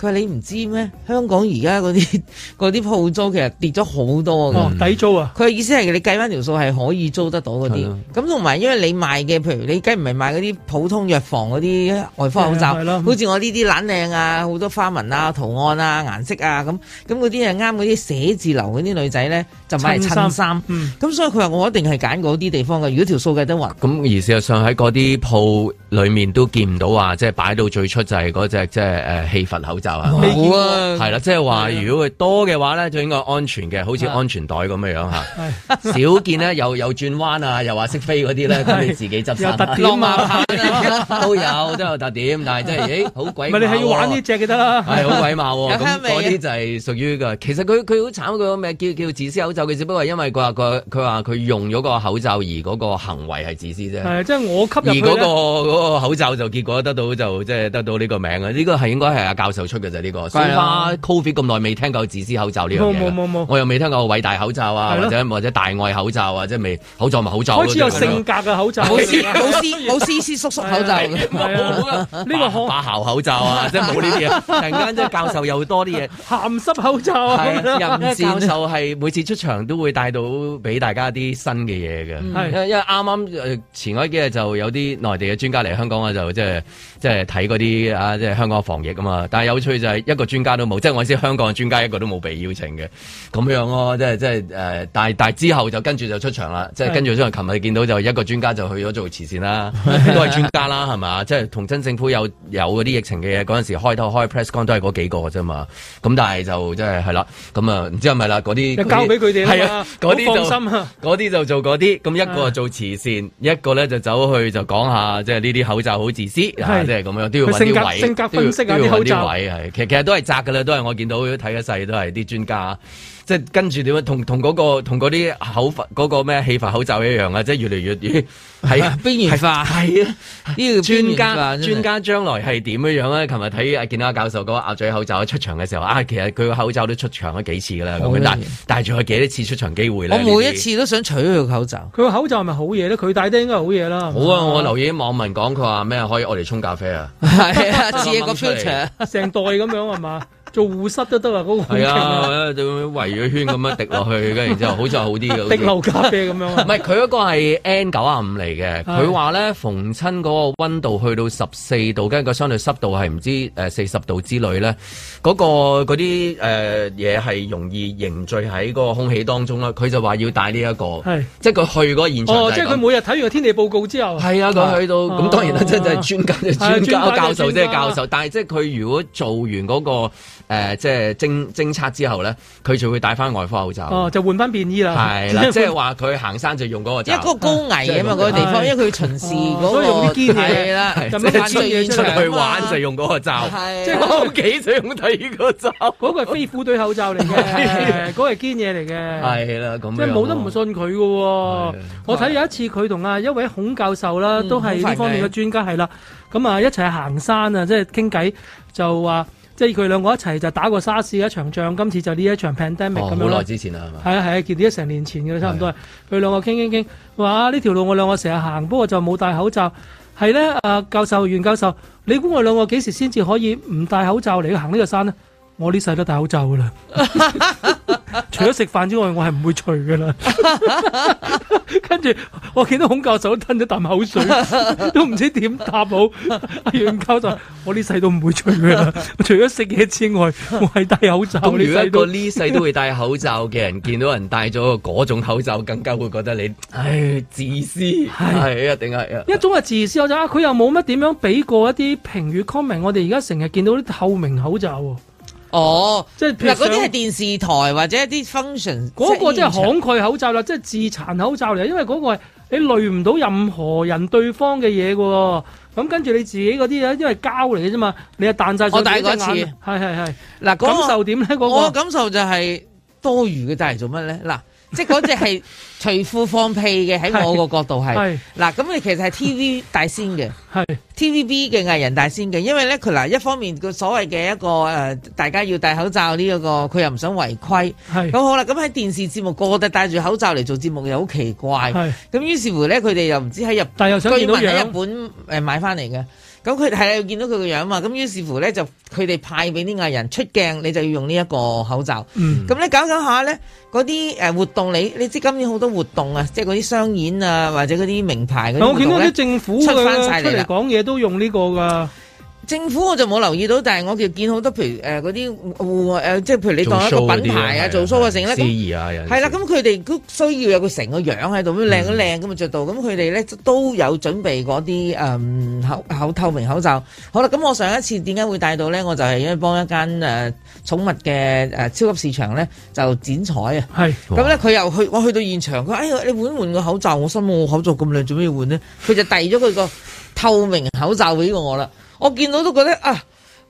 佢話你唔知咩？香港而家嗰啲啲鋪租其實跌咗好多㗎。哦，抵租啊！佢嘅意思係你計返條數係可以租得到嗰啲。咁同埋因為你賣嘅，譬如你而家唔係賣嗰啲普通藥房嗰啲外科口罩，好似我呢啲攬靚啊，好多花紋啊、圖案啊、顏色啊咁，咁嗰啲係啱嗰啲寫字樓嗰啲女仔咧，就買襯衫。咁、嗯、所以佢話我一定係揀嗰啲地方嘅。如果條數計得核，咁而事實上喺嗰啲鋪裡面都見唔到啊。即、就、係、是、擺到最出就係嗰隻即係誒氣氛口罩。是好啊，係啦、啊，即係話如果佢多嘅話咧，就應該安全嘅，好似安全袋咁樣樣吓。少、啊、見呢，又又轉彎啊，又話識飛嗰啲咧，咁、啊、你自己執生、啊。有特、啊啊、都有、啊、都，有， *laughs* 都，有都有特點，但係真係，誒、哎，好鬼。唔係你係要玩呢隻嘅得啦。係好、啊、鬼貌，咁嗰啲就係屬於噶。其實佢佢好慘，佢個名叫叫，叫自私口罩嘅，只不過因為佢話佢佢話佢用咗個口罩而嗰個行為係自私啫。係、啊，即、就、係、是、我吸入。而嗰、那個、那個口罩就結果得到就即係得到呢個名啊！呢、這個係應該係阿教授出。其實呢個係啊，Covid 咁耐未聽過自私口罩呢樣嘢，我又未聽過偉大口罩啊，或者或者大愛口罩啊，即係未口罩咪口罩，好似有性格嘅，啊、口罩，冇撕冇撕冇叔叔口罩，呢個把口罩啊，即係冇呢啲啊。突然間即係教授又多啲嘢，咸 *laughs* 濕口罩啊，任教授係每次出場都會帶到俾大家啲新嘅嘢嘅，因為啱啱前嗰幾日就有啲內地嘅專家嚟香港啊，就即係即係睇嗰啲啊，即係香港防疫啊嘛，但係有。所以就係一個專家都冇，即係我知香港嘅專家一個都冇被邀請嘅，咁樣咯，即係即係誒，但係但係之後就跟住就出場啦，即係跟住將琴日見到就一個專家就去咗做慈善啦，都係專家啦，係咪？即係同真政府有有嗰啲疫情嘅嘢，嗰陣時開頭開 press con 都係嗰幾個啫嘛，咁但係就即係係啦，咁啊唔知係咪啦？嗰啲交俾佢哋係啊，嗰啲就放心啊，嗰啲就做嗰啲，咁一個做慈善，一個咧就走去就講下，即係呢啲口罩好自私即係咁樣都要揾啲位性格都要，性格分析啊，啲口罩。其實其實都係窄㗎喇，都係我見到睇嘅細都係啲專家。即係跟住點啊？同同嗰個同嗰啲口嗰、嗰個咩氣閥口罩一樣啊！即係越嚟越遠，係邊緣化，係啊！呢個專家，專家將來係點樣樣咧？琴日睇啊，見到阿教授嗰個鴨嘴口罩出場嘅時候啊，其實佢個口罩都出場咗幾次噶啦，咁佢戴戴住佢幾多次出場機會咧？我每一次都想取佢個口罩，佢個口罩係咪好嘢咧？佢戴得應該好嘢啦。好啊，啊！我留意啲網民講，佢話咩可以我哋沖咖啡啊？似一個 feature，成袋咁樣係嘛？ *laughs* 做護室都得啦，嗰個係啊，就圍咗圈咁樣滴落去，跟 *laughs* 住然之後好似好啲嘅，滴漏咖啡咁樣。唔係佢嗰個係 N 九啊五嚟嘅。佢話咧，逢親嗰個溫度去到十四度，跟住個相對濕度係唔知誒四十度之類咧，嗰、那個嗰啲誒嘢係容易凝聚喺個空氣當中啦。佢就話要帶呢、這、一個，即係佢去嗰個現場。哦，即係佢每日睇完個天氣報告之後，係啊，佢去到咁當然啦、啊，真係專家、專、就是、家、家教授即係、就是、教授。但係即佢如果做完嗰、那個。誒、呃，即係偵偵測之後咧，佢就會戴翻外科口罩。哦，就換翻便衣啦。係啦，即係話佢行山就用嗰個罩。一個高危啊嘛，嗰、就是、個地方，因為佢巡視嗰、那個、哦。所以用啲堅嘢。啦。咁樣出去玩就用嗰個罩。係。即係我幾用睇嗰個罩。嗰 *laughs* 個係飛虎隊口罩嚟嘅，嗰、那個係堅嘢嚟嘅。係啦，咁、就是。即係冇得唔信佢嘅。我睇有一次佢同啊一位孔教授啦、嗯，都係呢方面嘅專家係啦，咁、嗯、啊一齊行山啊，即係傾偈就話。即係佢兩個一齊就打過沙士一場仗，今次就呢一場 pandemic 咁樣。哦，好耐之前啦，係嘛？係啊係啊，結啲成年前嘅差唔多。佢兩個傾傾傾，話呢條路我兩個成日行，不過就冇戴口罩。係咧，啊，教授，袁教授，你估我兩個幾時先至可以唔戴口罩嚟去行呢個山呢？我呢世都戴口罩噶啦， *laughs* 除咗食飯之外，我係唔會除噶啦。跟住我見到孔教授都吞咗啖口水， *laughs* 都唔知點答。好，阿楊教授，我呢世都唔會了除噶啦，除咗食嘢之外，我係戴口罩。如果一個呢世都會 *laughs* 戴口罩嘅人，見到人戴咗嗰種口罩，更加會覺得你唉，自私，係一定係，一種係自私。我就話佢又冇乜點樣俾過一啲評語 comment。我哋而家成日見到啲透明口罩。哦，即係譬如，嗰啲係電視台或者一啲 function，嗰個即係慷慨口罩啦，即係自殘口罩嚟，因為嗰個係你累唔到任何人對方嘅嘢喎。咁跟住你自己嗰啲因為膠嚟嘅啫嘛，你又彈晒咗幾隻眼，係係係，嗱、嗰個，感受點咧？嗰、嗰個我感受就係多餘嘅，戴嚟做乜咧？嗱。 *laughs* 即嗰只係除褲放屁嘅，喺我個角度係。嗱，咁你其實係 TV 大仙嘅，TVB 嘅藝人大仙嘅，因為咧佢嗱一方面佢所謂嘅一個大家要戴口罩呢個，佢又唔想違規。咁好啦，咁喺電視節目個個都戴住口罩嚟做節目，又好奇怪。咁於是乎咧，佢哋又唔知喺日本，但係又想買翻嚟嘅。咁佢係啊，要見到佢個樣嘛，咁於是乎咧就佢哋派俾啲藝人出鏡，你就要用呢一個口罩。咁、嗯、咧搞搞下咧，嗰啲誒活動，你你知今年好多活動啊，即係嗰啲商演啊，或者嗰啲名牌，我見到啲政府出翻曬嚟，講嘢都用呢個㗎。政府我就冇留意到，但係我見見好多譬如誒嗰啲誒，即、呃、係、呃呃呃、譬如你當一個品牌啊，做 show 啊，成啦，係啦，咁佢哋都需要有個成個樣喺度，咁靚都靚咁咪着到，咁佢哋咧都有準備嗰啲誒口口，口透明口罩。好啦，咁我上一次點解會帶到咧？我就係因為幫一間誒、呃、寵物嘅誒、呃、超級市場咧，就剪彩啊。咁咧佢又去我去到現場，佢誒、哎、你換唔換個口罩？我心諗我口罩咁靚，做咩要換呢？ *laughs* 」佢就遞咗佢個透明口罩俾過我啦。我見到都覺得啊！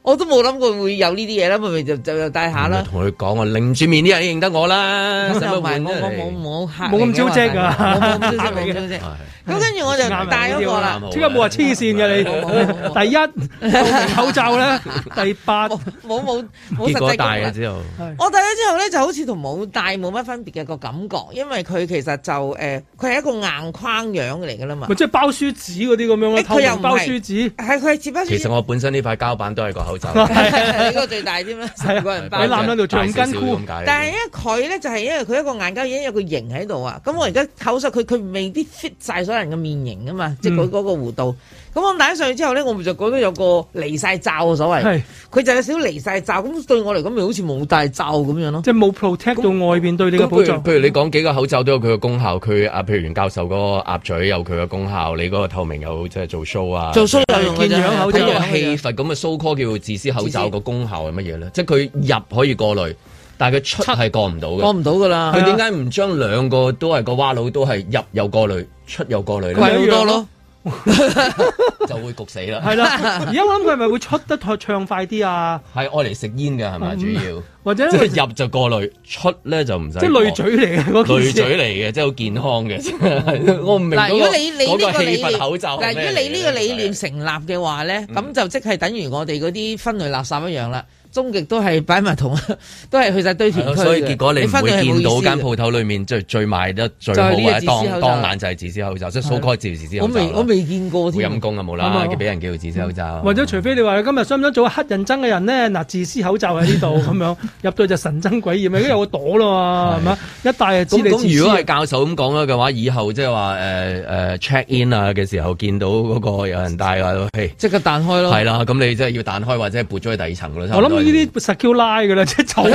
我都冇諗過會有呢啲嘢啦，咪咪就就又戴下啦。同佢講啊，擰住面啲人認得我啦。我冇冇冇咁招積噶，冇咁招積嘅。咁、啊嗯、跟住我就戴咗個啦。好好即刻冇話黐線嘅你？第一口罩咧，第八冇冇冇實際戴嘅之後，我戴咗之後咧就好似同冇戴冇乜分別嘅個感覺，因為佢其實就誒，佢、呃、係一個硬框樣嚟噶啦嘛。即係包書紙嗰啲咁樣，佢又包書紙。係，佢係折翻。其實我本身呢塊膠板都係個。呢 *laughs* *laughs* 個最大添啦，十個人包。你攬喺度，五根箍咁解。 *laughs* 但係咧，佢咧就係因為佢一個硬膠已經有個型喺度啊，咁我而家扣實佢，佢未必 fit 晒所有人嘅面型噶嘛，即係佢嗰個弧度。嗯咁我戴上去之後咧，我咪就覺得有個離晒罩所謂，佢就有少少離晒罩。咁對我嚟講，咪好似冇帶罩咁樣咯。即係冇 protect 到外邊對你個屏障。譬如你講幾個口罩都有佢嘅功效，佢阿譬如袁教授嗰個鴨嘴有佢嘅功效，你嗰個透明有即係做 show 啊，做 show 見樣口罩。咁個氣閥咁嘅 socal 叫自私口罩個功效係乜嘢咧？即係佢入可以過濾，但係佢出係過唔到嘅，過唔到噶啦。佢點解唔將兩個都係、那個蛙佬都係入又過濾，出又過濾？咪一樣咯。 *laughs* 就會焗死啦， *laughs* 係啦。而家我諗佢係咪會出得暢快啲啊？係愛嚟食煙嘅係咪主要？或者入就過濾，出咧就唔使。即濾嘴嚟嘅，濾嘴嚟嘅，即係好健康嘅。嗯、 *laughs* 我唔明嗱、那個，如果你你呢個理念，嗱、那個，如果你呢個理念成立嘅話咧，咁、嗯、就即係等於我哋嗰啲分類垃圾一樣啦。終極都係擺埋同，都係去晒堆填區，所以結果你唔會見到間鋪頭裏面最最賣得最好嘅，當當眼就係、是、自私口罩，自私口罩即係 so call 自私口罩。我未我未見過，唔會陰公啊，冇啦，俾人叫自私口罩。嗯、或者除非你話 *laughs* 今日想唔想做黑人憎嘅人咧？嗱，自私口罩喺呢度咁樣入到就神憎鬼厭咪因有個朵啦嘛，係嘛，一戴啊，如果係教授咁講嘅話，以後即係話誒誒 check in 啊嘅時候見到嗰個有人戴即、哎、刻彈開咯。係啦，咁你即係要彈開或者撥咗去第二層嘅呢啲實叫拉噶啦，即係就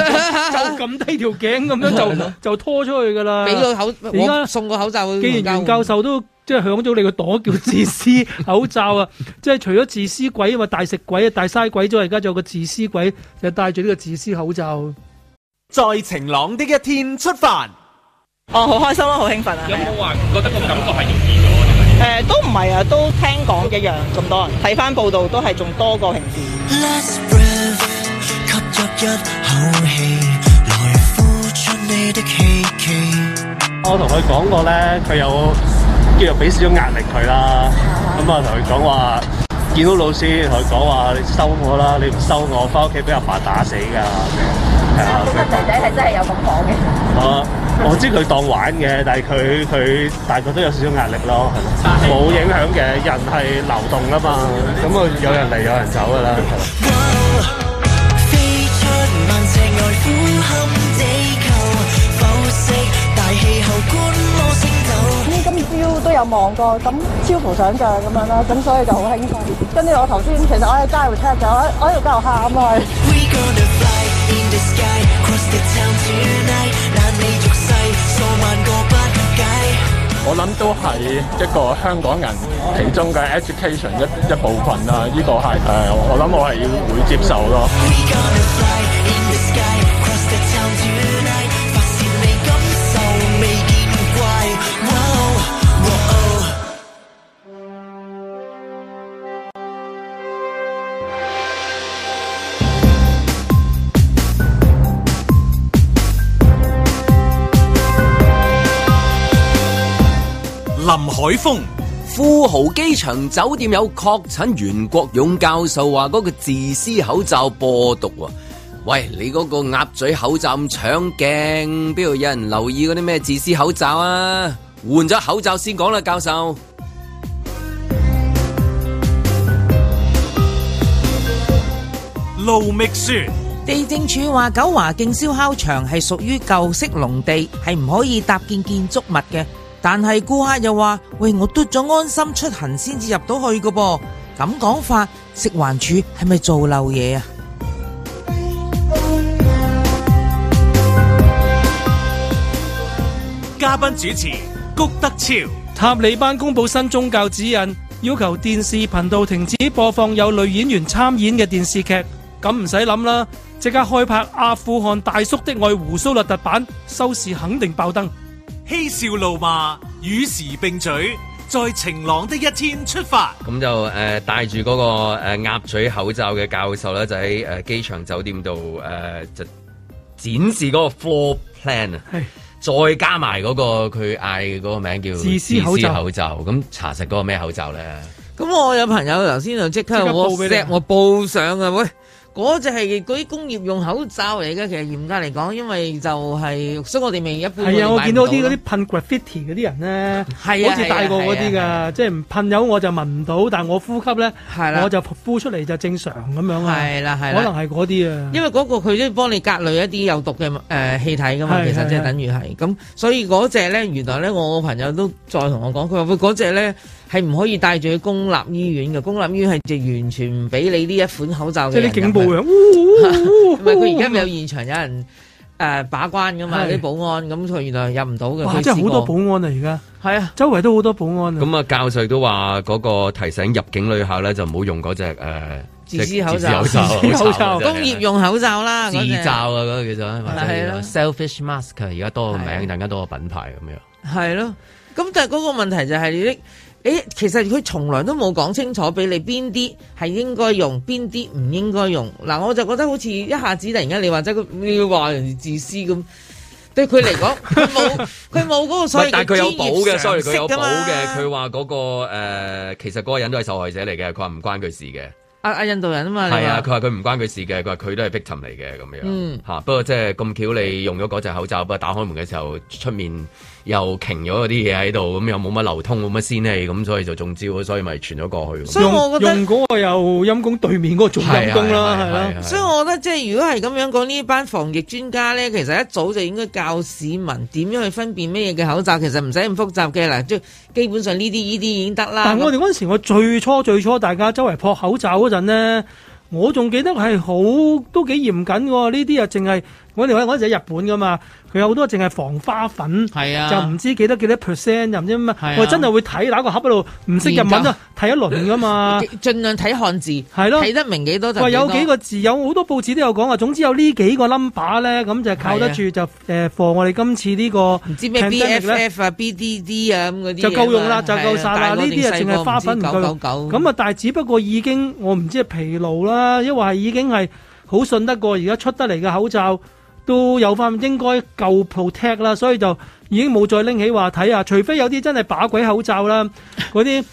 就咁低條頸咁樣就就拖出去噶啦。俾個口罩而家送個口罩。既然袁教授都即係響咗你個袋叫自私口罩啊，即係除咗自私鬼啊嘛，大食鬼啊，大嘥鬼之外，而家仲有個自私鬼就戴住呢個自私口罩。在晴朗的一天出發，哦，好開心啊，好興奮啊！有冇話覺得個感覺係變咗？誒，都唔係啊，都聽講一樣咁多人睇翻報道都係仲多過平啲。我同佢講過咧，佢又，即係又俾少少壓力佢啦。咁啊，同佢講話，見到老師同佢講話，你收我啦！你唔收我，翻屋企俾阿爸打死噶。係啊，咁個仔仔係真係有咁講嘅。我我知佢當玩嘅，但係佢佢，但係佢都有少少壓力咯，冇影響嘅。人係流動吖嘛，咁啊，有人嚟有人走噶啦。大氣候觀星呢今朝都有望過，咁超乎想象咁樣啦，咁所以就好興奮。跟住我頭先其實我喺街度聽嘅時候，我喺度一路喊去。Sky, tonight, 我諗都係一個香港人其中嘅 education 一一部分啦，呢、這個係誒，我諗我係要會接受咯。林海峰，富豪機場酒店有確診，袁國勇教授話：嗰個自私口罩播毒。喂，你嗰個鴨嘴口罩咁搶鏡，邊度有人留意嗰啲咩自私口罩啊？換咗口罩先講啦，教授。盧覓雪，地政處話九華徑燒烤場係屬於舊式農地，係唔可以搭建建築物嘅。但係顧客又話：喂，我嘟咗安心出行先至入到去嘅噃。咁講法，食環署係咪做漏嘢啊？嘉賓主持谷德超，塔利班公布新宗教指引，要求電視頻道停止播放有女演員參演嘅電視劇。咁唔使諗啦，即刻開拍阿富汗大叔的愛鬍鬚邋遢版，收視肯定爆燈。嬉笑怒罵與時並嘴，在晴朗的一天出發。咁就誒，帶住嗰個誒鴨嘴口罩嘅教授咧，就喺誒機場酒店度誒，就展示嗰個 floor plan 啊，係再加埋嗰個佢嗌嗰個名叫自私口罩。咁查實嗰個咩口罩咧？咁我有朋友頭先就即刻我 set 我上刻報上啊，喂！嗰隻係嗰啲工業用口罩嚟嘅，其實嚴格嚟講，因為就係、是，所以我哋未一般用埋係啊，我見到啲嗰啲噴 graffiti 嗰啲人咧、啊，好似大過嗰啲㗎，即係唔噴油我就聞唔到，但係我呼吸咧、啊，我就呼出嚟就正常咁樣係啦，係啦、啊啊，可能係嗰啲啊。因為嗰個佢都幫你隔離一啲有毒嘅誒、呃、氣體㗎嘛，其實即係等於係咁、啊啊，所以嗰隻咧，原來咧，我個朋友都再同我講，佢話喂，嗰隻咧。係唔可以戴住去公立醫院嘅？公立醫院係就完全唔俾你呢一款口罩嘅。即係啲警報啊！唔係佢而家有現場有人誒、呃、把關噶嘛？啲保安咁佢、嗯、原來入唔到嘅。哇！即係好多保安啊！而家係啊，周圍都好多保安咁啊、嗯，教授都話嗰、那個提醒入境旅客咧，就唔好用嗰隻誒自私口罩。工業用口罩啦，那個、自罩啊嗰、那個叫做。係咯、啊啊、Selfish mask 而家多個名，大家、啊、多個品牌咁樣。係咯、啊，咁但係嗰個問題就係啲。誒、欸，其實佢從來都冇講清楚俾你邊啲係應該用，邊啲唔應該用。嗱、啊，我就覺得好似一下子突然間你話齋佢要話人哋自私咁，對佢嚟講，佢冇佢冇嗰個所謂嘅，但係佢有補嘅，所以佢有補嘅。佢話嗰個誒、呃，其實嗰個人都係受害者嚟嘅。佢話唔關佢事嘅。啊阿、啊、印度人啊嘛，係啊，佢話佢唔關佢事嘅。佢話佢都係 victim 嚟嘅咁樣。嗯，吓、啊，不過即係咁巧，你用咗嗰隻口罩，不過打開門嘅時候出面。又鈍咗嗰啲嘢喺度，咁又冇乜流通，冇乜鮮氣，咁所以就中招，所以咪傳咗過去。所以，我覺得用嗰個又陰公 *music* 對面嗰個仲陰公啦，係咯。所以我覺得即係如果係咁樣講呢班防疫專家咧，其實一早就應該教市民點樣去分辨咩嘢嘅口罩，其實唔使咁複雜嘅啦，即係基本上呢啲呢啲已經得啦。但我哋嗰陣時，我最初最初大家周圍撲口罩嗰陣呢，我仲記得係好都幾嚴謹喎。呢啲啊淨係。我哋我嗰時喺日本噶嘛，佢有好多淨係防花粉，啊、就唔知幾多幾多 percent，我真係會睇打、嗰個盒喺度，唔識日文啊，睇一輪噶嘛，盡量睇漢字，睇得明幾多就多。喂，有幾個字，有好多報紙都有講啊，總之有呢幾個 number 咧，咁、啊、就靠得住就誒放我哋今次呢個。唔、呃、知咩 BFF 啊，啊、BDD 啊咁嗰啲，就夠用啦，就夠晒啦。呢啲啊淨係花粉唔夠用咁啊，但係只不過已經我唔知係疲勞啦，因為已經係好信得過而家出得嚟嘅口罩。都有翻，應該夠 protect 啦，所以就已經冇再拎起話睇啊！除非有啲真係把鬼口罩啦，嗰啲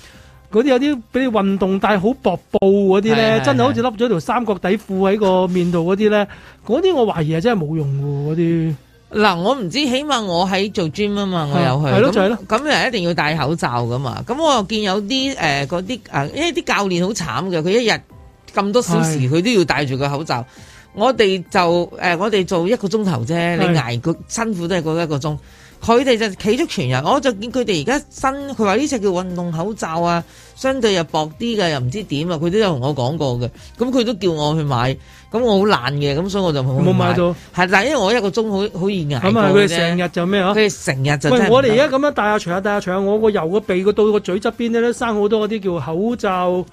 嗰啲有啲俾你運動戴薄薄 *laughs* 好薄布嗰啲咧，真係好似笠咗條三角底褲喺個面度嗰啲咧，嗰 *laughs* 啲我懷疑係真係冇用喎嗰啲。嗱，我唔知，起碼我喺做 gym 啊嘛，我有去，咁又、就係、一定要戴口罩噶嘛，咁我又見有啲誒嗰啲因為啲教練好慘嘅，佢一日咁多小時，佢都要戴住個口罩。我哋就誒、呃，我哋做一個鐘頭啫，你挨辛苦都係個一個鐘。佢哋就企足全日，我就見佢哋而家新，佢話呢隻叫運動口罩啊，相對又薄啲嘅，又唔知點啊，佢都有同我講過嘅。咁佢都叫我去買，咁我好懶嘅，咁所以我就冇冇買,買到。係，但因為我一個鐘好好易挨咁啊，佢哋成日就咩啊？佢哋成日就喂，我哋而家咁樣戴下除啊戴下除我個由個鼻個到個嘴側邊咧生好多嗰啲叫口罩。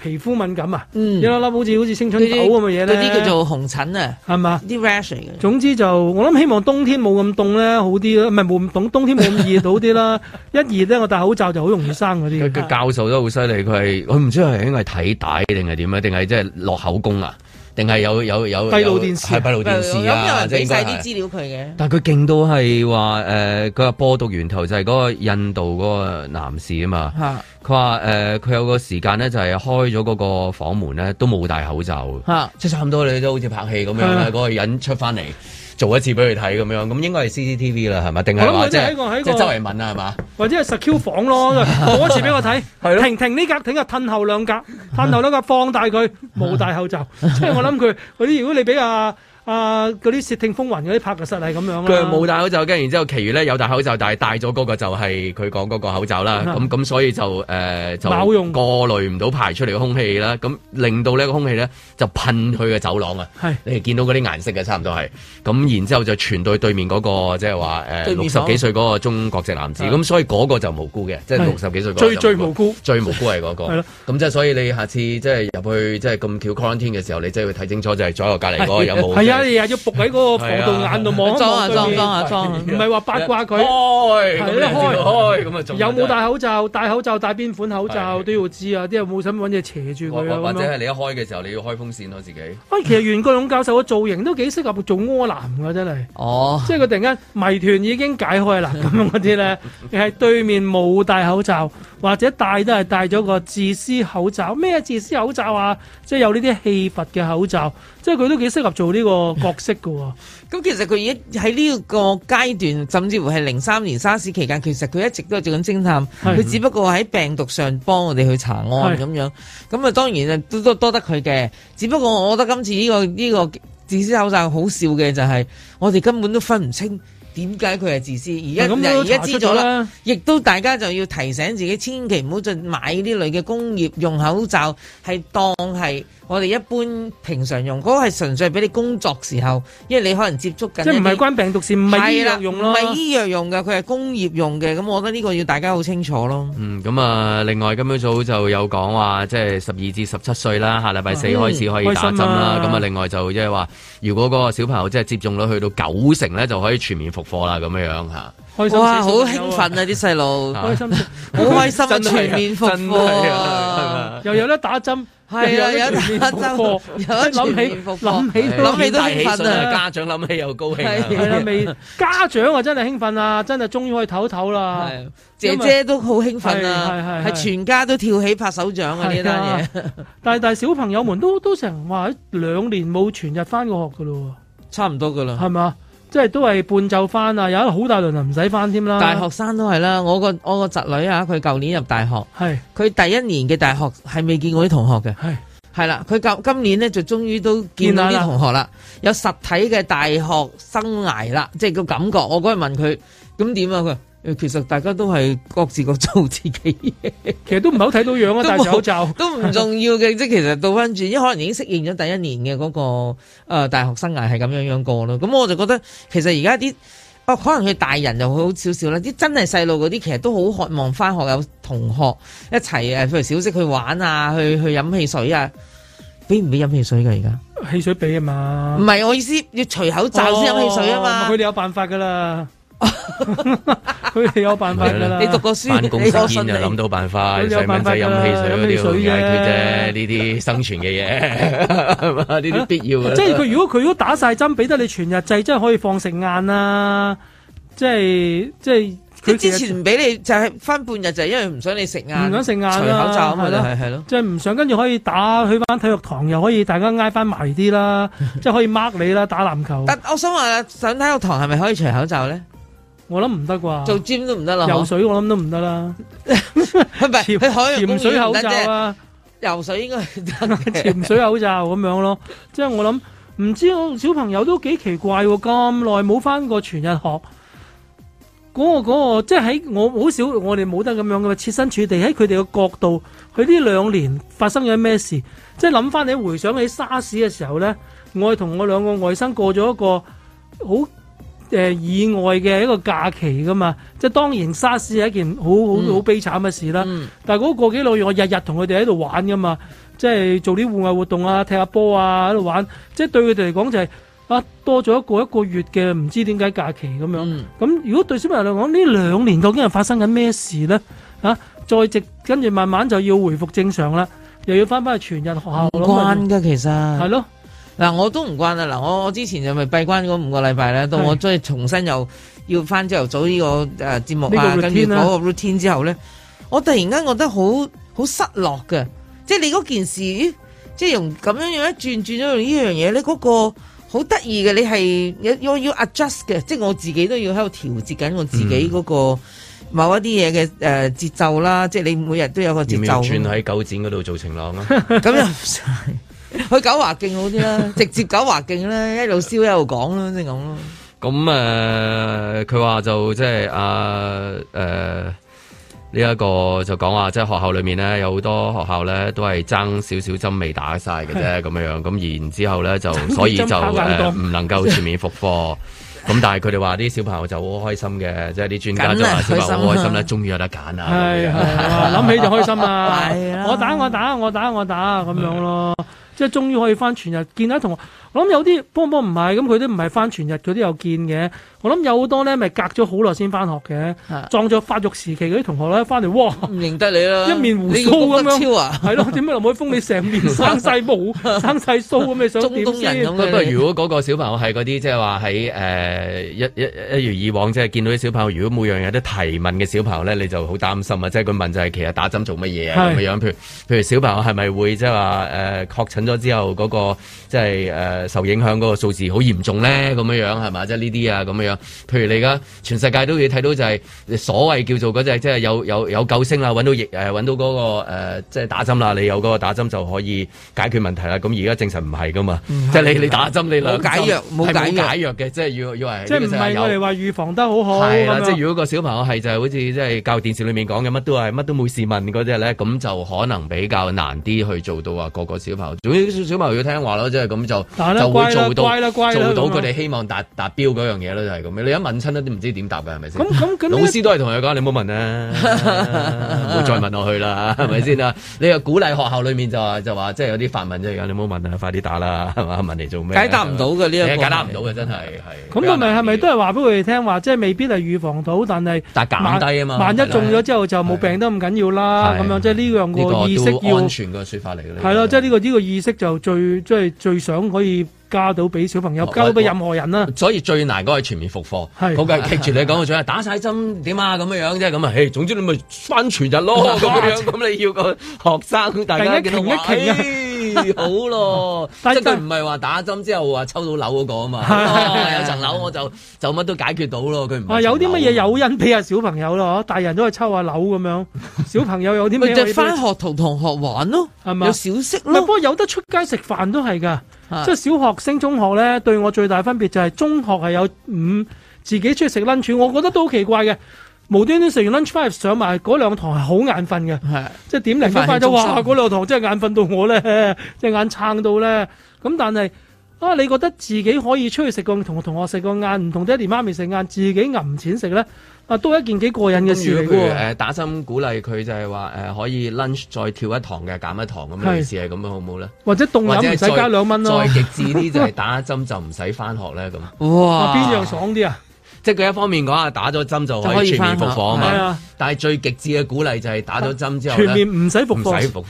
皮膚敏感啊、嗯，一粒粒好似好似青春痘咁嘅嘢，呢啲叫做紅疹啊，係嘛？啲 rash 嚟嘅。總之就我諗希望冬天冇咁凍咧，好啲啦，唔係冇咁凍，冬天冇咁熱到啲啦。 *laughs* 一熱咧，我戴口罩就好容易生嗰啲。佢 *laughs* 嘅教授都好犀利，佢係，佢唔知係應該睇帶定係點啊，定係即係落口供啊？定係有有有閉路電視、啊，閉路電視咁、啊、有人俾曬啲資料佢嘅，但係佢勁到係話誒，佢、呃、話播毒源頭就係嗰個印度嗰個男士啊嘛。佢話誒，佢、呃、有個時間咧，就係、是、開咗嗰個房門咧，都冇戴口罩，即係差唔多你都好似拍戲咁樣咧，嗰個人出翻嚟。做一次俾佢睇咁樣，咁應該係 CCTV 啦，係咪？定係話即係周圍問啊，係嘛？或者係 secure 房咯， *laughs* 做一次俾我睇。係 *laughs* 停停呢格，停個褪後兩格，褪後兩格放大佢，冇戴口罩。即 *laughs* 係我諗佢嗰啲，如果你俾阿。啊！嗰啲竊聽風雲嗰啲拍嘅實係咁樣咯，佢冇戴口罩嘅，然之後其呢，其餘咧有戴口罩，但係戴咗嗰個就係佢講嗰個口罩啦。咁、嗯、咁，所以就誒就冇用，過濾唔到排出嚟嘅空氣啦。咁令到呢個空氣咧就噴去嘅走廊啊。你見見到嗰啲顏色嘅，差唔多係。咁然之後就傳到對，對面嗰、那個，即係話誒六十幾歲嗰個中國籍男子。咁所以嗰個就無辜嘅，即係六十幾歲個最最無辜，最無辜係 *laughs* 嗰、那個。咁即係所以你下次即係入去即係咁巧 quarantine 嘅時候，你真係會睇清楚，就係左右隔離嗰個有冇。日日要伏喺嗰個防盜眼度望、 *laughs* 啊啊啊啊啊啊啊啊，裝下裝下裝，唔係話八卦佢，一、 *laughs* 哎哎、開，開哎、有冇 *laughs* 戴口罩？戴口罩戴邊款口罩都要知啊！啲有冇想揾嘢扯住佢或者係你一開嘅時候，你要開風扇咯，啊、自己。喂、哎，其實袁國勇教授嘅造型都幾適合做柯南嘅真係，哦， *laughs* 即係佢突然間謎團已經解開啦。咁樣嗰啲咧，係 *laughs* 對面冇戴口罩，或者戴都係戴咗個自私口罩。咩自私口罩啊？即係有呢啲氣閥嘅口罩。即係佢都幾適合做呢個角色嘅，咁其實佢而家喺呢個階段，甚至乎係零三年沙士期間，其實佢一直都係做緊偵探，佢只不過喺病毒上幫我哋去查案咁樣，咁啊當然啊都多多得佢嘅，只不過我覺得今次呢個呢個自私口罩好笑嘅就係，我哋根本都分唔清。點解佢係自私？而家而家知咗啦，亦都大家就要提醒自己，千祈唔好再買呢類嘅工業用口罩，係當係我哋一般平常用，嗰係純粹係俾你工作時候，因為你可能接觸緊。即唔係關病毒事，唔係啦，唔係醫藥用嘅，佢係工業用嘅。咁我覺得呢個要大家好清楚咯。咁、嗯、啊，另外今朝早就有講話，即係十二至十七歲啦，下禮拜四開始可以打針啦。咁、嗯、啊，另外就即係話，如果個小朋友即係接種率去到九成咧，就可以全面服課啦，咁樣樣吓哇，好興奮啊！啲細路開心，好開心啊！ *laughs* 全面復、啊啊啊啊啊、又有得打針，係啊，啊，有得復課，有得諗起諗起諗起都、啊、起都興奮啊，啊，啊，啊！家長諗起又高興，係啦，未家長啊，真係興奮啊，真係終於可以唞唞啦！姐姐都好興奮啊，係全家都跳起拍手掌啊！呢單嘢，但係但係小朋友們都都成日話兩年冇全日翻過學噶啦，差唔多噶啦，係嘛。即係都係伴奏翻啊，有一個好大輪就唔使翻添啦。大學生都係啦，我個我個侄女啊，佢舊年入大學，係佢第一年嘅大學係未見過啲同學嘅，係係啦，佢今今年咧就終於都見到啲同學啦，有實體嘅大學生涯啦，即係個感覺。我嗰日問佢，咁點啊佢？其實大家都係各自個做自己嘢， *laughs* 其實都唔係好睇到樣啊。戴口罩都唔重要嘅，即 *laughs* 係其實倒翻轉，因可能已經適應咗第一年嘅嗰、那個誒、呃、大學生涯係咁樣這樣過咯。咁我就覺得，其實而家啲哦，可能佢大人就好少少啦。啲真係細路嗰啲，其實都好渴望翻學有同學一齊誒，譬如小息去玩啊，去去飲汽水啊。俾唔俾飲汽水噶而家？汽水俾啊嘛。唔、哦、係，我意思要除口罩先飲汽水啊嘛。佢、哦、哋有辦法噶啦。佢 *laughs* 哋有辦法噶啦你，你讀個書，你多心地就諗到辦法。細蚊仔飲汽水嗰啲好嘅啫，呢啲生存嘅嘢，係嘛？呢啲必要。 *laughs* 即係佢如果佢如果打晒針，俾得你全日制，真、就、係、是、可以放食晏啦。即係即係，你、就是、之前唔俾你就係、是、分半日，就係因為唔想你食晏，唔想食晏除口罩咁、就、咯、是，係咯。即係唔想，跟住可以打去翻體育堂，又可以大家挨翻埋啲啦，即 *laughs* 係可以 mark 你啦，打籃球。但我想問上體育堂係咪可以除口罩咧？我諗唔得啩，做 gym 都唔得啦，游水我諗都唔得啦，唔係，潛海潛水口罩啊。游水應該潛水口罩咁樣咯。即係我諗，唔知我小朋友都幾奇怪喎，咁耐冇翻過全日學。嗰個嗰個，即係喺我好少，我哋冇得咁樣嘅嘛，設身處地喺佢哋嘅角度，佢呢兩年發生咗咩事？即係諗翻你回想起沙士嘅時候咧，我係同我兩個外甥過咗一個好。誒、呃、意外嘅一個假期㗎嘛，即係當然沙士係一件好好好悲慘嘅事啦。嗯、但嗰個幾耐月，我日日同佢哋喺度玩㗎嘛，即係做啲戶外活動啊、踢下波啊、喺度玩。即係對佢哋嚟講就係、是、啊，多咗一個一個月嘅唔知點解假期咁樣。咁、嗯、如果對小朋友嚟講，呢兩年究竟係發生緊咩事咧？啊，再直跟住慢慢就要回復正常啦，又要翻返去全日學校。慣㗎其實係咯。嗱，我都唔慣啊！嗱，我我之前就咪閉關嗰五個禮拜咧，到我再重新又要翻朝頭早呢個節目、這個、啊，跟住嗰個 routine 之後咧，我突然間覺得好好失落嘅，即係你嗰件事，即係用咁樣樣一轉轉咗呢樣嘢咧，嗰個好得意嘅，你係要要 adjust 嘅，即係我自己都要喺度調節緊我自己嗰個某一啲嘢嘅誒節奏啦，嗯、即係你每日都有個節奏。轉喺九展嗰度做晴朗囉！咁又唔去搞華鏡好啲啦，直接搞華鏡咧，一路燒一路講啦，先咁咯。咁誒，佢話就即係啊誒，呢一個就講話即係學校裏面咧，有好多學校咧都係爭少少針未打晒嘅啫，咁樣樣。咁然之後咧就，所以就唔能夠全面復課。咁但係佢哋話啲小朋友就好開心嘅，即係啲專家就話小朋友好開心咧，終於有得揀啊。係諗起就開心啊！我打我打我打我打咁樣咯。即係終於可以翻全日見到同學。我諗有啲，幫幫不過唔係，咁佢都唔係返全日，佢都有見嘅。我諗有好多咧，咪隔咗好耐先返學嘅，撞咗發育時期嗰啲同學咧，返嚟哇，唔認得你啦，一面鬍鬚咁樣，係 *laughs* 咯？點解可以封你成面生曬毛、 *laughs* 生曬鬚咁？你想點先？都係如，如果嗰個小朋友係嗰啲，即係話喺誒一一一如以往，即係見到啲小朋友，如果每樣都有啲提問嘅小朋友咧，你就好擔心啊！即係佢問就係其實打針做乜嘢咁嘅樣？譬如譬如小朋友係咪會即係話誒確診咗之後嗰、嗰個即係誒？呃受影響嗰個數字好嚴重咧，咁樣樣係嘛？即係呢啲啊，咁樣。譬如你而家全世界都要睇到就係所謂叫做嗰隻即係有有有救星啦，揾到疫到嗰、嗰個即係、呃就係、打針啦，你有嗰個打針就可以解決問題啦。咁而家證實唔係噶嘛，即係、就係、你你打針你兩解藥冇解解藥嘅，即係以為即係唔係我哋話預防得好好，係即係如果個小朋友係就係好似即係教育電視裡面講嘅乜都係乜都冇試問嗰啲咧，咁就可能比較難啲去做到話個個小朋友，總之小朋友要聽話咯，即係咁就。就會做到做到佢哋希望達希望達，達標嗰樣嘢咯，就係咁樣。你一問親都唔知點答嘅，係咪先？咁 *laughs* 老師都係同佢講， *laughs* 你唔好問啦、啊，好、 *laughs* 啊、再問我去啦，係咪先啊？你又鼓勵學校裡面就話就話，即、就、係、是、有啲繁文縟樣， *laughs* 你好問、啊、快啲打啦，係嘛？問你做咩？解答唔到嘅呢一個解答唔到嘅真係咁佢咪係咪都係話俾佢哋聽話，即係未必係預防到，但係但係減低啊嘛。萬一中咗之後就冇病得咁緊要啦，咁樣即係呢樣個意識安全嘅説法嚟嘅。係咯，即係呢個呢個意識就最即係最想可以。加到俾小朋友，交到俾任何人啦、啊。所以最難嗰係全面復課。係，好嘅。棘住你講嘅嘴，打晒針點啊咁樣樣啫，咁啊，唉，總之你咪翻全日咯咁樣。咁你要個學生，大家同一期、哎、好咯。但係佢唔係話打針之後話抽到樓嗰個啊嘛。啊有層樓我就就乜都解決到咯。佢唔係啊有啲乜嘢誘因俾啊小朋友咯，大人都可抽下樓咁樣。小朋友有啲咩 *laughs* 就翻、是、學同同學玩咯，係嘛，有小息咯。不過有得出街食飯都係噶。即係小學升中學咧，對我最大分別就係中學係有五自己出去食 lunch。我覺得都好奇怪嘅，無端端食完 lunch break 上埋嗰兩堂係好眼瞓嘅。係，即係點零 lunch break 就哇，嗰兩堂真係眼瞓到我咧，隻眼撐到咧。咁但係。啊！你覺得自己可以出去食個同同學食個晏，唔同爹哋媽咪食晏，自己揞錢食咧，啊都一件幾過癮嘅事嚟，譬如打針鼓勵佢就係話、呃、可以 lunch 再跳一堂嘅減一堂咁樣事係咁樣好唔好咧？或者凍飲唔使加兩蚊咯，再極致啲就係打一針就唔使翻學咧咁。 *laughs* 哇！邊樣爽啲啊？即係佢一方面講啊，打咗針就可以全面復課啊嘛。但係最極致嘅鼓勵就係打咗針之後全面唔使復課。 *laughs*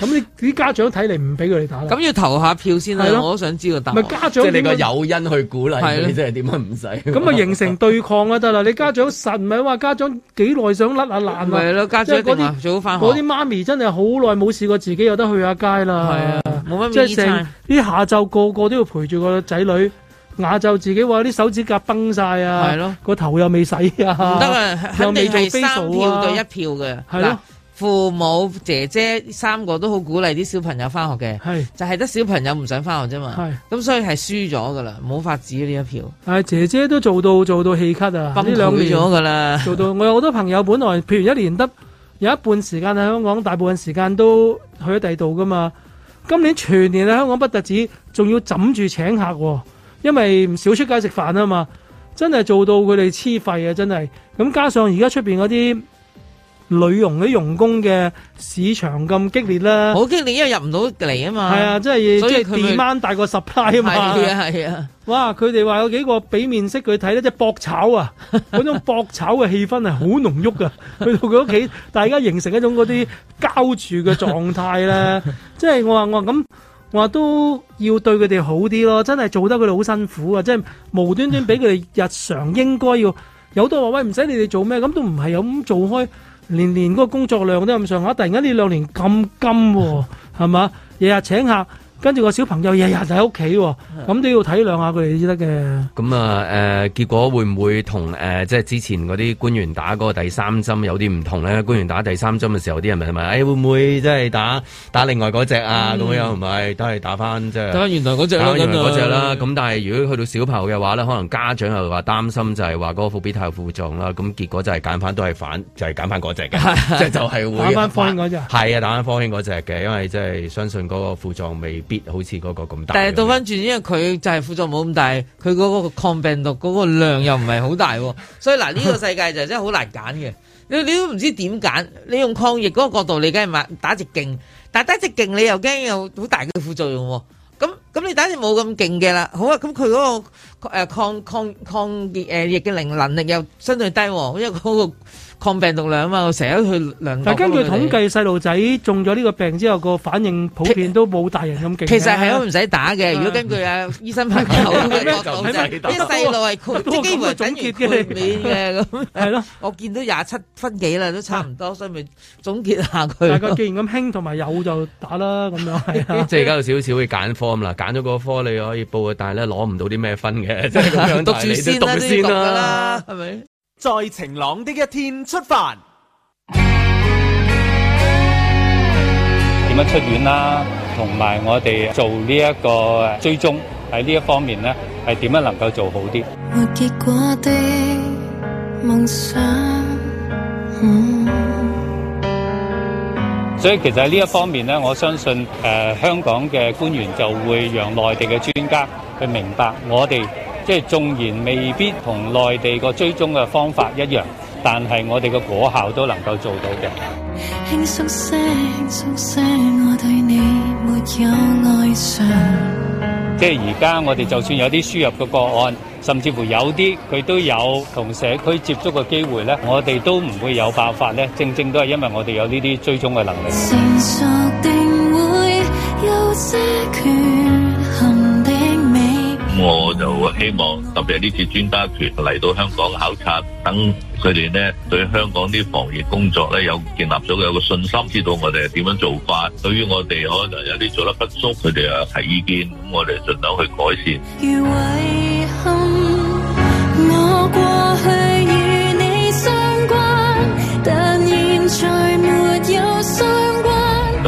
咁你啲家長睇嚟，唔俾佢哋打？咁要投下票先啦，我都想知道答案。咪家長你個有因去鼓勵你真係點樣唔使、啊？咁咪形成對抗啊！得啦，你家長神係話家長幾耐想甩下爛啊？咪係咯，家長點早啲返學。嗰啲媽咪真係好耐冇試過自己有得去街下街啦。係啊，冇乜面。即係成啲下晝個個都要陪住個仔女，晏晝自己話啲手指甲崩晒啊，個頭又未洗啊，唔得啊，肯定係三票對一票嘅。係咯。父母、姐姐三個都好鼓勵啲小朋友翻學嘅，就係、係、得小朋友唔想翻學啫嘛。咁所以係輸咗噶啦，冇法子呢一票。係姐姐都做到做到氣咳啊！呢兩年做咗噶啦，做 *laughs* 到我有好多朋友，本來譬如一年得有一半時間喺香港，大部分時間都去咗第度噶嘛。今年全年喺香港，不特止，仲要枕住請客，因為唔少出街食飯啊嘛。真係做到佢哋黐肺啊！真係咁，加上而家出面嗰啲。女傭啲傭工嘅市場咁激烈啦，好激烈，因為入唔到嚟啊嘛。係啊，即係即係 demand 大過 supply 啊嘛。係啊啊，啊。哇，佢哋話有幾個俾面色佢睇咧，即係搏炒啊，嗰 *laughs* 種搏炒嘅氣氛係好濃郁噶。 *laughs* 去到佢屋企，大家形成一種嗰啲膠住嘅狀態咧。 *laughs* 即係我話我話咁，我，我都要對佢哋好啲咯。真係做得佢哋好辛苦啊！即係無端端俾佢哋日常應該要，有好多話喂唔使你哋做咩，咁都唔係咁做開。年年嗰個工作量都咁上下，突然間呢兩年咁金喎，啊，係嘛？日日請客。跟住個小朋友日日喺屋企喎，咁都要體諒下佢哋先得嘅。咁啊誒，結果會唔會同誒即係之前嗰啲官員打嗰個第三針有啲唔同咧？官員打第三針嘅時候，啲人咪問：誒會唔會即係打打另外嗰隻啊？咁、嗯、又唔係都係打翻即係打翻原來嗰隻啦。咁但係如果去到小朋友嘅話咧，可能家長又話擔心就係話嗰個復必泰有副狀啦。咁結果就係揀翻都係反，就係揀翻嗰隻嘅，即 *laughs* 係就係會揀翻科興嗰隻。係啊，打翻科興嗰隻嘅，因為即、就、係、是、相信嗰個副狀未必好似嗰個咁大，但係倒翻轉，因為佢就係副作用冇咁大，佢嗰個抗病毒嗰個量又唔係好大， *laughs* 所以嗱呢、啊這個世界就真係好難揀嘅。你你都唔知點揀，你用抗疫嗰個角度，你梗係打打隻勁，但係打隻勁你又驚有好大嘅副作用。咁咁你打隻冇咁勁嘅啦。好啊，咁佢嗰個誒、呃、抗抗抗誒疫嘅能能力，又相對低，因為嗰、嗰個。抗病毒量啊嘛，我成日去量。但係根據統計，細路仔中咗呢個病之後，個反應普遍都冇大人咁勁。其實係都唔使打嘅，如果根據啊醫生朋友嘅角度就，啲細路係啲幾乎等於攰嘅咁。係咯，我見到廿七分幾啦，都差唔多。所以咪總結下佢。大家既然咁興同埋有就打啦，咁樣係啊。即係而家有少少會揀科咁啦，揀咗個科你可以報嘅，但係咧攞唔到啲咩分嘅，即係讀住先啦，先啦，係咪？在晴朗的一天出發，點樣出院啦？同埋我哋做呢一個追蹤喺呢一方面咧，係點樣能夠做好啲、嗯？所以其實喺呢一方面咧，我相信誒、呃、香港嘅官員就會讓內地嘅專家佢明白我哋。即係縱然未必同內地個追蹤嘅方法一樣，但係我哋個果效都能夠做到嘅。我對你沒有愛上。即係而家我哋就算有啲輸入嘅個案，甚至乎有啲佢都有同社區接觸嘅機會咧，我哋都唔會有爆發咧。正正都係因為我哋有呢啲追蹤嘅能力。索定會有些我就希望，特別係呢次專家團嚟到香港考察，等佢哋呢對香港啲防疫工作呢有建立咗嘅信心，知道我哋係點樣做法。對於我哋可能有啲做得不足，佢哋又提意見，咁我哋盡量去改善。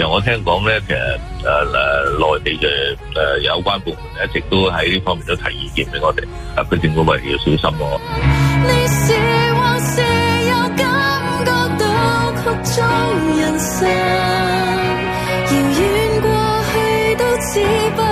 其實我聽講咧，其實誒誒，內地嘅誒有關部門一直都喺呢方面都提意見俾我哋，啊，佢哋政府話要小心咯。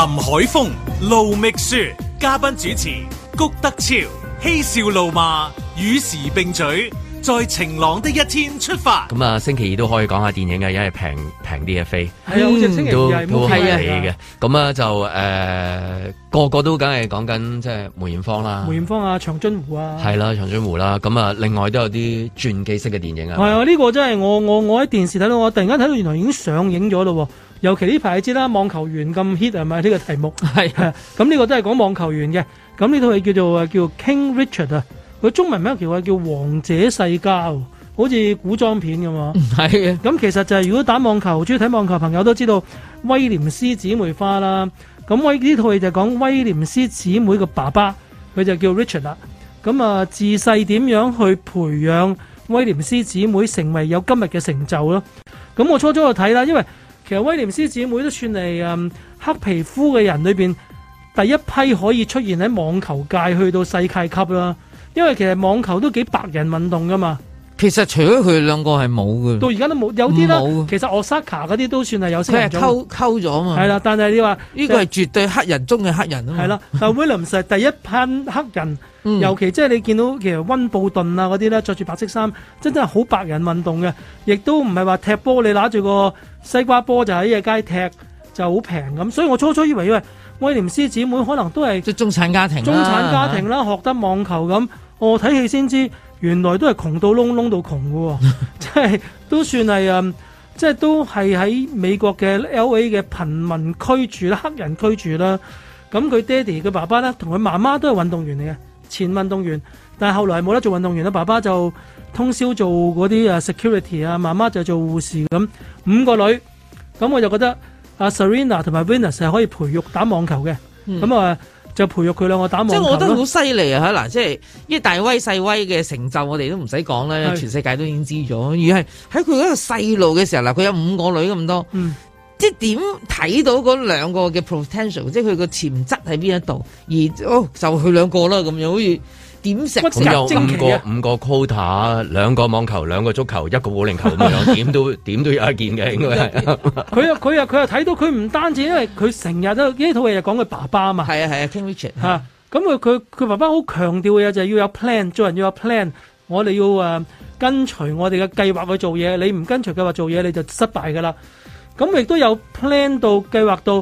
林海峰、盧覓雪嘉賓主持，谷德昭、嬉笑怒罵，與時並嘴，在晴朗的一天出發。咁啊，星期二都可以講下電影嘅，因為平平啲嘅飛，嗯，星期二 OK、都係你嘅。咁啊，就誒、呃，個個都梗係講緊即係梅艷芳啦，梅艷芳啊，長津湖啊，係啦，長津湖啦。咁啊，另外都有啲傳記式嘅電影啊。係啊，呢、這個真係我我我喺電視睇到，我突然間睇到原來已經上映咗咯。尤其呢排，你知啦，網球員咁 hit 係咪呢個題目？係啊，咁、嗯、呢、呢個都係講網球員嘅。咁呢套戲叫做叫 King Richard 啊。佢中文名叫係叫王者世家，好似古裝片咁啊。係啊，咁其實就係、是、如果打網球，中意睇網球朋友都知道威廉斯姊妹花啦。咁威呢套戲就講威廉斯姊妹嘅爸爸，佢就叫 Richard 啦。咁啊，自細點樣去培養威廉斯姊妹成為有今日嘅成就咯。咁我初初就睇啦，因為。其實威廉斯姐妹都算係誒黑皮膚嘅人裏邊第一批可以出現喺網球界去到世界級啦，因為其實網球都幾白人運動噶嘛。其實除咗佢兩個係冇嘅，到而家都冇，有啲啦。其實奧沙卡嗰啲都算係有人。佢係偷溝咗嘛。係啦，但係你話呢個係絕對黑人中嘅黑人啊嘛。係啦，但係威廉斯係第一批黑人。 *laughs* 尤其即係你見到其實溫布頓啊嗰啲咧，着住白色衫，真真係好白人運動嘅，亦都唔係話踢波你拿住個西瓜波就喺嘢街踢就好平咁。所以我初初以為喂，威廉斯姊妹可能都係即中產家庭，中產家庭啦、啊，學得網球咁。我睇戲先知，原來都係窮到窿窿到窮㗎喎，即 *laughs* 係都算係誒，即係都係喺美國嘅 LA 嘅貧民區住啦，黑人區住啦。咁佢爹哋嘅爸爸咧，同佢媽媽都係運動員嚟嘅。前運動員，但係後來冇得做運動員啦。爸爸就通宵做嗰啲啊 security 啊，媽媽就做護士咁。五個女，咁我就覺得阿 Serena 同埋 Venus 係可以培育打網球嘅，咁、嗯、啊就培育佢兩個打網球。即係我覺得好犀利啊！嗱，即係呢大威細威嘅成就我不用說，我哋都唔使講啦，全世界都已經知咗。而係喺佢嗰個細路嘅時候嗱，佢有五個女咁多。嗯即係點睇到嗰兩個嘅 potential，即係佢個潛質喺邊一度？而哦，就去兩個啦，咁樣好似點成五個、啊、五個 quota，兩個網球，兩個足球，一個保齡球咁樣,樣，點 *laughs* 都點都有一件嘅，應該係。佢 *laughs* 啊，佢啊，佢又睇到佢唔單止，因為佢成日都呢套戲又講佢爸爸嘛。係啊係啊，King Richard 吓、啊。咁佢佢佢爸爸好強調嘅嘢就係要有 plan，做人要有 plan 我要。我哋要啊，跟隨我哋嘅計劃去做嘢，你唔跟隨計劃做嘢，你就失敗噶啦。咁亦都有 plan 到計劃到，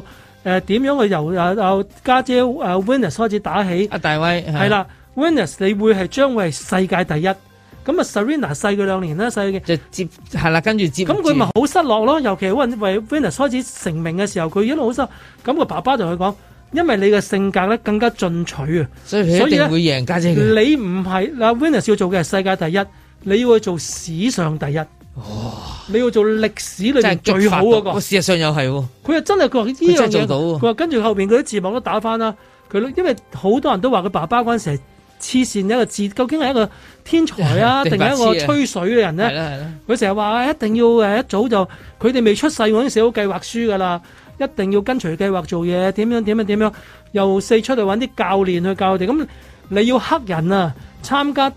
誒點、呃、樣去由阿阿家姐 Venus 開始打起？阿、呃、大威係啦 Venus 你會係將會係世界第一，咁啊 Serena 細佢兩年啦，細嘅就接係啦，跟接住接。咁佢咪好失落咯？尤其為 Venus 開始成名嘅時候，佢一路好失落。咁個爸爸就去講：，因為你嘅性格咧更加進取啊，所以一定會贏家姐,姐。你唔係嗱、呃、Venus 要做嘅係世界第一，你要去做史上第一。哇、哦！你要做歷史裏面最好嗰、那個、事實上又係喎。佢又真係佢話呢樣嘢，佢話跟住後邊嗰啲字幕都打翻啦。佢因為好多人都話佢爸爸嗰陣時係黐線一個字，究竟係一個天才啊，定 *laughs* 係一個吹水嘅人咧？佢成日話一定要嘅，一早就佢哋未出世，我已經寫好計劃書噶啦。一定要跟隨計劃做嘢，點樣點樣點樣？由四出嚟揾啲教練去教佢哋。咁你要黑人啊，參加。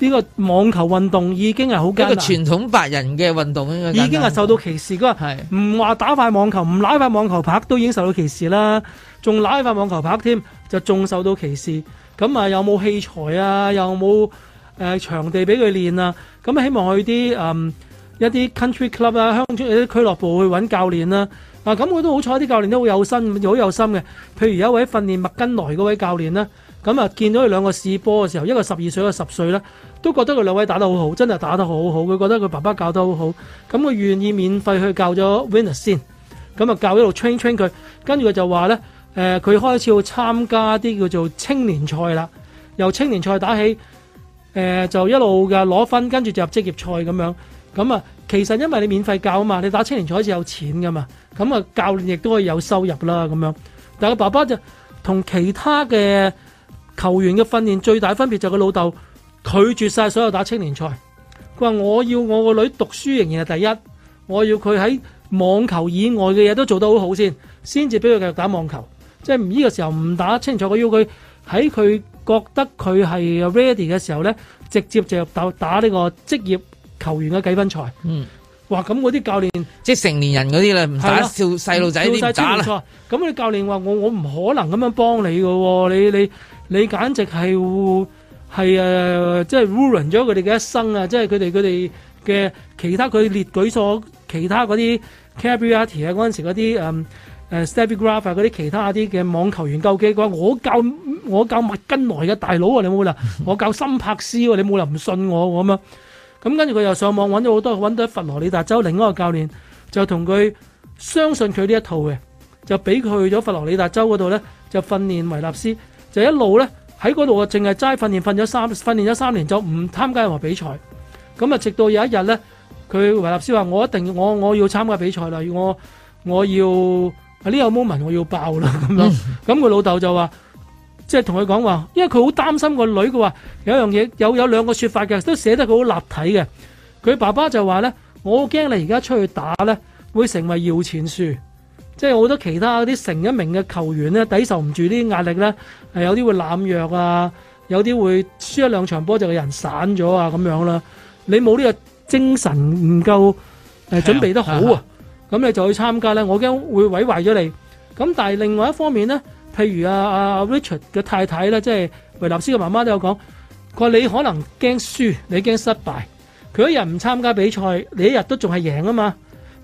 呢、這個網球運動已經係好勁，一、個傳統白人嘅運動已經係受到歧視。佢話唔話打塊網球，唔拉塊網球拍都已經受到歧視啦，仲拉塊網球拍添，就仲受到歧視。咁啊，又冇器材啊，又冇誒、呃、場地俾佢練啊。咁希望去啲誒一啲、嗯、country club 啊、鄉村啲俱樂部去揾教練啦。啊，咁我都好彩，啲教練都好有心，好有心嘅。譬如有一位訓練麥根萊嗰位教練啦。咁啊，見到佢兩個試波嘅時候，一個十二歲，一個十歲呢，都覺得佢兩位打得好好，真係打得好好。佢覺得佢爸爸教得好好，咁佢願意免費去教咗 Venus 先，咁啊教一路 train train 佢，跟住佢就話呢，誒、呃、佢開始要參加啲叫做青年賽啦，由青年賽打起，誒、呃、就一路嘅攞分，跟住就入職業賽咁樣。咁啊，其實因為你免費教啊嘛，你打青年賽先有錢噶嘛，咁啊教練亦都可以有收入啦咁樣。但係佢爸爸就同其他嘅球員嘅訓練最大分別就係佢老豆拒絕晒所有打青年賽。佢話，我要我個女讀書仍然係第一，我要佢喺網球以外嘅嘢,都做得好好先，先至俾佢繼續打網球。即係呢個時候唔打青年賽，我要佢喺佢覺得佢係 ready 嘅時候咧，直接就打打呢個職業球員嘅計分賽。嗯，哇，咁嗰啲教練，即係成年人嗰啲咧，唔使跳細路仔面打啦。咁你教練話，我我唔可能咁樣幫你㗎，你你。你簡直係係誒，即係 ruin 咗佢哋嘅一生啊！即係佢哋佢哋嘅其他佢列舉咗其他嗰啲 Capriati 啊，嗰陣時嗰啲誒誒 Steffi Graf 啊，嗰、嗯、啲、呃、其他啲嘅網球員救記嘅話，我教我教麥根萊嘅大佬啊！你冇啦， *laughs* 我教森柏斯喎！你冇啦，唔信我我咁樣。咁跟住佢又上網揾咗好多，揾到佛羅里達州另一個教練，就同佢相信佢呢一套嘅，就俾佢去咗佛羅里達州嗰度咧，就訓練維納斯。佢一路咧喺嗰度啊，淨係齋訓練，訓練咗三訓練咗三年就唔參加任何比賽。咁啊，直到有一日咧，佢維納斯話：我一定要，我我要參加比賽啦！我我要呢個 moment 我要爆啦咁樣。咁佢老豆就話，即係同佢講話，因為佢好擔心個女。佢話有一樣嘢有有兩個說法嘅，都寫得佢好立體嘅。佢爸爸就話咧：我好驚你而家出去打咧，會成為搖錢樹。即係好多其他啲成一名嘅球員咧，抵受唔住呢啲壓力咧，係有啲會濫藥啊，有啲會輸一兩場波就人散咗啊，咁樣啦。你冇呢個精神唔夠，誒、yeah, 準備得好啊，咁、yeah. 你就去參加咧，我驚會毀壞咗你。咁但係另外一方面咧，譬如阿、啊、阿 Richard 嘅太太咧，即係維納斯嘅媽媽都有講，佢話你可能驚輸，你驚失敗。佢一日唔參加比賽，你一日都仲係贏啊嘛。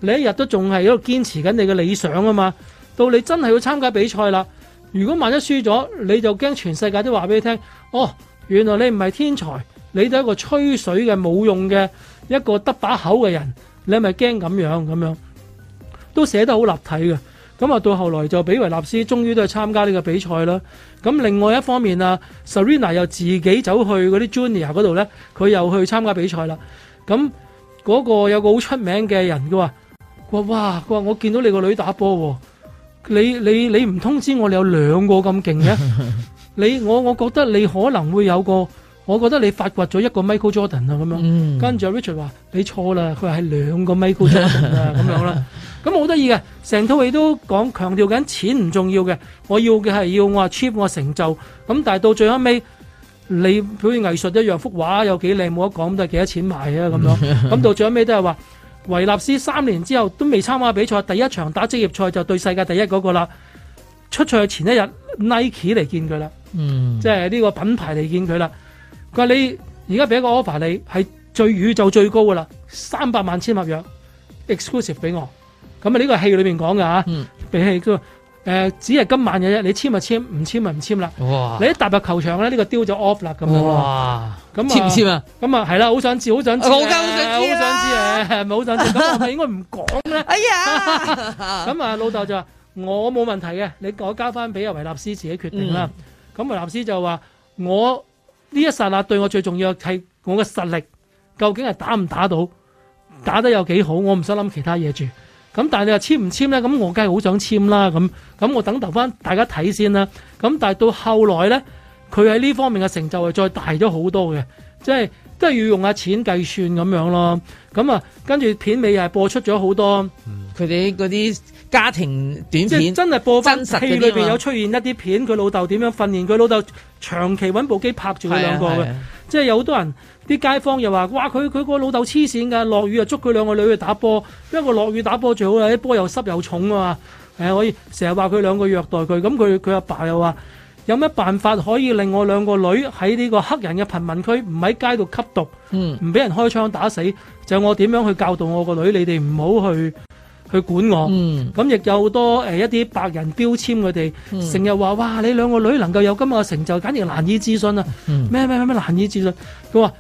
你一日都仲係喺度堅持緊你嘅理想啊嘛！到你真係要參加比賽啦，如果萬一輸咗，你就驚全世界都話俾你聽，哦，原來你唔係天才，你都係一個吹水嘅冇用嘅一個得把口嘅人，你係咪驚咁樣咁樣？都寫得好立體嘅。咁啊，到後來就比維納斯終於都去參加呢個比賽啦。咁另外一方面啊，Sarina 又自己走去嗰啲 Junior 嗰度呢，佢又去參加比賽啦。咁嗰個有個好出名嘅人嘅話。哇，佢話我見到你個女打波，你你你唔通知我，你有兩個咁勁嘅， *laughs* 你我我覺得你可能會有個，我覺得你發掘咗一個 Michael Jordan 啊咁樣，跟、嗯、住 Richard 話你錯啦，佢係兩個 Michael Jordan 啊咁樣啦，咁好得意嘅，成套戲都講強調緊錢唔重要嘅，我要嘅係要我 cheap 我成就，咁但係到最後尾，你表現藝術一樣，幅畫有幾靚冇得講，都係幾多錢賣啊咁樣，咁 *laughs* 到最後尾都係話。維納斯三年之後都未參加比賽，第一場打職業賽就對世界第一嗰個啦。出賽前一日 Nike 嚟見佢啦，嗯，即係呢個品牌嚟見佢啦。佢話你而家俾一個 offer 你，係最宇宙最高噶啦，三百萬千萬合約 exclusive 俾我。咁啊呢個係戲裏面講噶，嗯，俾戲。誒、呃、只係今晚嘅啫，你簽咪簽唔簽咪唔簽啦。哇！你一踏入球場咧，呢、呢個丟咗 off 啦咁哇！咁籤唔簽啊？咁啊係啦，好想知，好想知，好想知，好想知啊！好想知，咁、啊、我係應該唔講咧。哎呀！咁 *laughs* 啊、嗯嗯，老豆就話：我冇問題嘅，你我交翻俾阿維納斯自己決定啦。咁、嗯、維納斯就話：我呢一剎那對我最重要係我嘅實力，究竟係打唔打到，打得有幾好，我唔想諗其他嘢住。咁但係你話簽唔簽咧？咁我梗係好想簽啦！咁咁我等留翻大家睇先啦。咁但係到後來咧，佢喺呢方面嘅成就係再大咗好多嘅，即係都係要用下錢計算咁樣咯。咁啊，跟住片尾又係播出咗好多佢哋嗰啲家庭短片，即係真係播翻戲裏邊有出現一啲片，佢老豆點樣訓練佢老豆，長期揾部機拍住佢兩個嘅。即係有好多人啲街坊又話：「哇！佢佢個老豆黐線㗎，落雨又捉佢兩個女去打波，因為個落雨打波最好啦，啲波又濕又重啊嘛。誒、欸，我成日話佢兩個虐待佢，咁佢佢阿爸又話：「有咩辦法可以令我兩個女喺呢個黑人嘅貧民區唔喺街度吸毒，唔俾人開槍打死？就我點樣去教導我個女，你哋唔好去。佢管我，咁、嗯、亦有好多誒一啲白人標籤。佢、嗯、哋，成日話，哇，你兩個女能夠有今日嘅成就，簡直難以置信啊！咩咩咩咩難以置信，佢話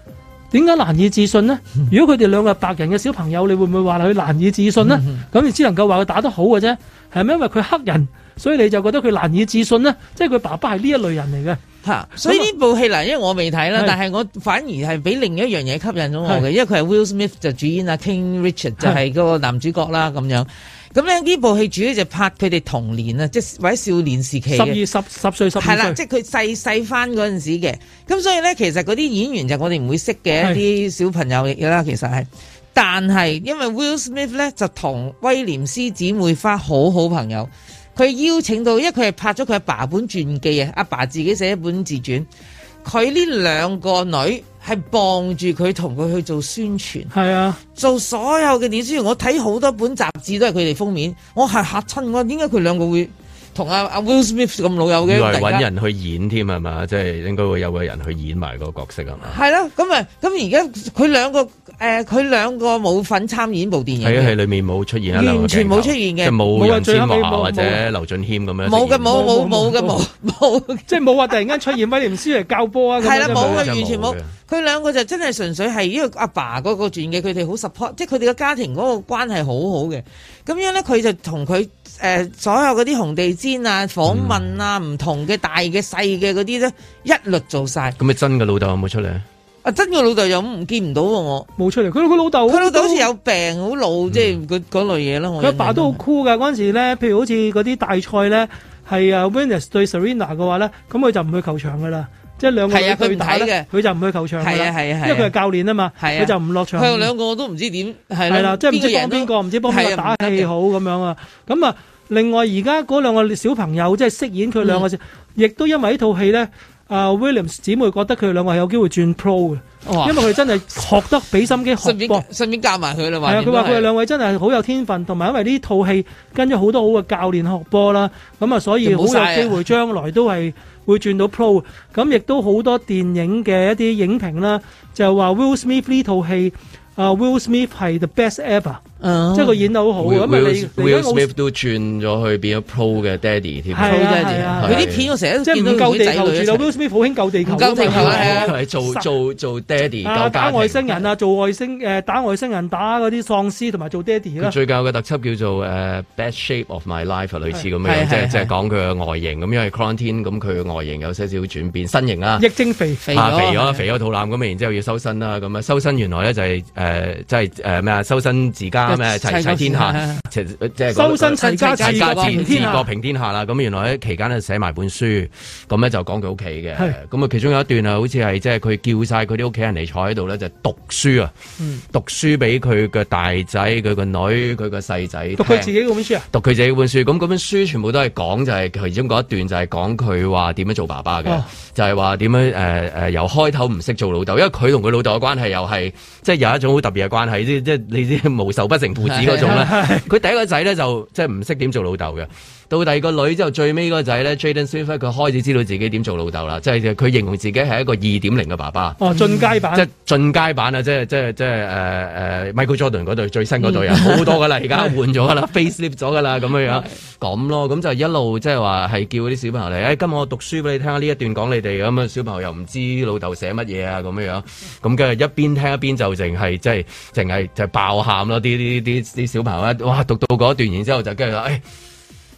點解難以置信呢？嗯、如果佢哋兩個白人嘅小朋友，你會唔會話佢難以置信呢？咁你只能夠話佢打得好嘅啫，係咪因為佢黑人，所以你就覺得佢難以置信呢？即係佢爸爸係呢一類人嚟嘅。啊，所以呢部戲嗱，因為我未睇啦，但係我反而係俾另一樣嘢吸引咗我嘅，因為佢係 Will Smith 就主演啊，King Richard 就係嗰個男主角啦咁樣。咁咧呢部戲主要就拍佢哋童年啊，即係或者少年時期。十二十十歲十歲。係啦，即係佢細細翻嗰陣時嘅。咁所以咧，其實嗰啲演員就我哋唔會識嘅一啲小朋友嚟嘅啦，其實係。但係因為 Will Smith 咧就同威廉斯姊妹花好好朋友。佢邀請到，因為佢係拍咗佢阿爸本傳記啊，阿爸自己寫一本自傳，佢呢兩個女係傍住佢同佢去做宣傳，係啊，做所有嘅電視，我睇好多本雜誌都係佢哋封面，我係嚇親我，點解，佢兩個會。同阿阿 Will Smith 咁老友嘅，揾人去演添係嘛？即係應該會有個人去演埋個角色啊嘛。係啦，咁咪咁而家佢兩個誒，佢、呃、兩個冇份參演部電影。係啊，係裏面冇出現啊，完全冇出現嘅，冇楊千嬅或者劉俊謙咁樣。冇嘅，冇冇冇嘅，冇冇。即係冇話突然間出現威廉斯嚟教波啊。係啦，冇嘅，就是就是、完全冇。佢兩個就真係純粹係呢個阿爸嗰個轉嘅，佢哋好 support，即係佢哋嘅家庭嗰個關係好好嘅。咁樣咧，佢就同佢。誒、呃，所有嗰啲紅地毯啊、訪問啊、唔、嗯、同嘅大嘅細嘅嗰啲咧，一律做晒。咁咪真嘅老豆有冇出嚟？啊，真嘅老豆又唔見唔到我，冇出嚟。佢佢老豆，佢老豆好似有病，好老，嗯、即係嗰嗰類嘢咯。佢阿爸都好酷㗎。嗰、嗯、陣、嗯、時咧，譬如好似嗰啲大賽咧，係啊 Venus 對 Serena 嘅話咧，咁佢就唔去球場噶啦。一兩個嘢對打咧，佢、啊、就唔去球場啦、啊啊啊。因為佢係教練是啊嘛，佢就唔落場。佢哋兩個都唔知點，係啦、啊啊，即係唔知幫邊個，唔知幫邊個、啊、打戲好咁樣啊。咁啊，另外而家嗰兩個小朋友即係飾演佢兩個，亦、嗯、都因為呢套戲咧。Uh, Williams 姊妹覺得佢哋兩位有機會轉 pro 嘅，oh, 因為佢哋真係學得俾心機學波，順便加埋佢啦嘛。係啊，佢話佢哋兩位真係好有天分，同埋因為呢套戲跟咗好多好嘅教練學波啦，咁啊所以好有機會將來都係會轉到 pro。咁亦都好多電影嘅一啲影評啦，就係話 Will Smith 呢套戲，Will Smith 係 the best ever。Oh. 即係佢演得好好，咁咪？Will Smith 都轉咗去變咗 Pro 嘅 Daddy 添。係啊係啊，佢啲片我成日即係見到救地球，地球，地球、啊啊啊、做做、啊、做 Daddy 打、啊、外星人啊，做外星誒、呃、打外星人、打啲喪屍同埋做 Daddy 啦。最近嘅特輯叫做誒、uh, Best Shape of My Life 類似咁樣，似樣，即係即係講佢嘅外形咁，因為 quarantine 咁佢外形有些少轉變身形啦、啊，疫情肥肥咗，肥咗肚腩咁然之後要修身啦咁啊，修身原來咧就係誒即係誒咩啊，修身自家。咩？齊齊天下，齊即係修身齊家治治國平天下啦。咁原來喺期間咧寫埋本書，咁、啊、咧就講佢屋企嘅。咁啊，其中有一段啊，好似係即係佢叫晒佢啲屋企人嚟坐喺度咧，就、讀書啊、嗯，讀書俾佢嘅大仔、佢個女、佢個細仔。讀佢自己本書啊？讀佢自己本書。咁嗰本,本書全部都係講就係其中嗰一段就係講佢話點樣做爸爸嘅、哦，就係話點樣誒誒、呃、由開頭唔識做老豆，因為佢同佢老豆嘅關係又係即係有一種好特別嘅關係，即即係你啲無仇不。成父子嗰種咧，佢 *laughs* 第一個仔咧就即係唔識點做老豆嘅。到第二個女之後，最尾嗰個仔咧 Jaden Swift 佢開始知道自己點做老豆啦，即係佢形容自己係一個二點零嘅爸爸。哦，進階版，即係進階版啊！即係即係即係誒誒，Michael Jordan 嗰對最新嗰對啊，好多噶啦，而家換咗噶啦，face lift 咗噶啦，咁樣 *laughs* 樣咁咯，咁就一路即係話係叫啲小朋友嚟，今日我讀書俾你聽下呢一段講你哋咁啊，小朋友又唔知老豆寫乜嘢啊，咁樣樣，咁跟住一邊聽一邊就剩係即係淨係就是就是就是，爆喊咯，啲啲啲小朋友啊，哇，讀到嗰段，然之後就跟住誒。哎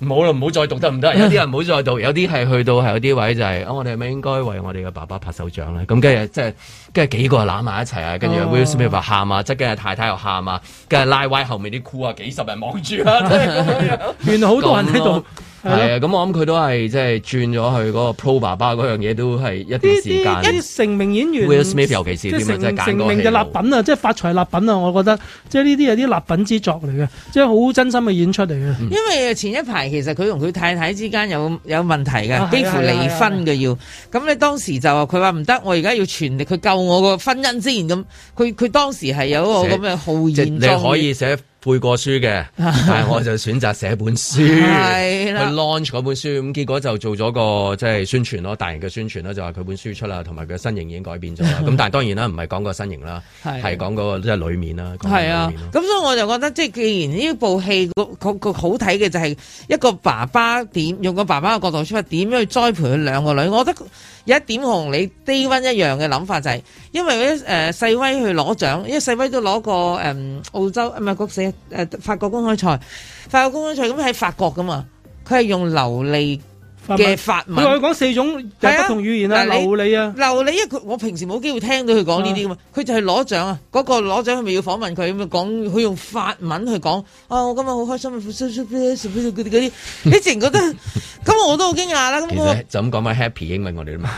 唔好啦，唔好再讀得唔得？有啲人唔好再讀，有啲係去到係有啲位就係，哦，我哋係咪應該為我哋嘅爸爸拍手掌咧？咁跟住即係，跟住幾個又攬埋一齊啊！跟住 Will Smith 又喊啊，即跟住太太又喊啊，跟住拉歪後面啲褲啊，幾十人望住啊， *laughs* *laughs* 原來好多人喺度。係啊，咁我諗佢都係即係轉咗去嗰個 Pro 爸爸嗰樣嘢，都係一段時間。呢、嗯嗯嗯嗯嗯嗯嗯嗯、成名演員，Will Smith 尤其是啲咁真成名就立品啊，即、就、係、是、發財立品啊，我覺得即係呢啲有啲立品之作嚟嘅，即係好真心嘅演出嚟嘅、嗯。因為前一排其實佢同佢太太之間有有問題嘅、啊，幾乎離婚嘅要。咁、啊啊啊啊啊、你當時就話佢話唔得，我而家要全力去救我個婚姻先咁。佢佢當時係有一個咁嘅豪言。就是、你可以寫。寫背過書嘅，但係我就選擇寫本書， *laughs* 去 launch 嗰本書，咁結果就做咗個即係宣傳咯，大型嘅宣傳啦，就話佢本書出啦，同埋佢嘅身形已經改變咗啦。咁 *laughs* 但係當然啦，唔係講個身形啦，係 *laughs* 講、嗰個即係裏面啦。係啊，咁所以我就覺得，即係既然呢部戲個好睇嘅就係一個爸爸點用個爸爸嘅角度出發，點樣去栽培佢兩個女，我覺得有一點同你低温一樣嘅諗法就係、係，因為嗰啲、呃、細威去攞獎，因為細威都攞過誒澳洲唔係國士。誒法國公開賽，法國公開賽咁喺法國㗎嘛，佢係用流利。法文，佢講四種係不同語言啊，流利啊，流利啊！佢我平時冇機會聽到佢講呢啲噶嘛，佢就係攞獎啊，嗰、嗰個攞獎係咪要訪問佢，咪講佢用法文去講啊！我今日好開心啊！啲你自然覺得咁，我都好驚訝啦！咁 *laughs* 我就咁講咪 Happy 英文我哋嘛，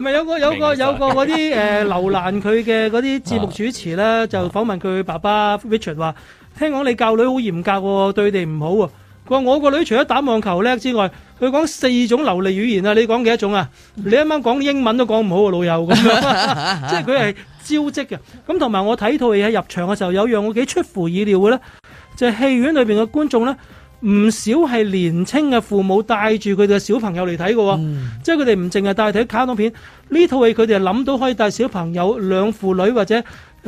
咪 *laughs* *laughs* *laughs* *laughs* *laughs* *laughs* *laughs* 有個有個 *laughs* 有個嗰啲誒流難佢嘅嗰啲節目主持咧、啊啊，就訪問佢爸爸 Richard 話、啊，聽講你教女嚴、哦、對你好嚴格喎，對佢哋唔好啊！我我個女除咗打網球叻之外，佢講四種流利語言啊！你講幾多種啊？你啱啱講英文都講唔好啊，老友咁樣， *laughs* 即係佢係招積嘅。咁同埋我睇套戲喺入場嘅時候，有樣我幾出乎意料嘅咧，就係、是、戲院裏邊嘅觀眾咧，唔少係年輕嘅父母帶住佢哋嘅小朋友嚟睇嘅喎，即係佢哋唔淨係帶睇卡通片。呢套戲佢哋係諗到可以帶小朋友、兩父女或者。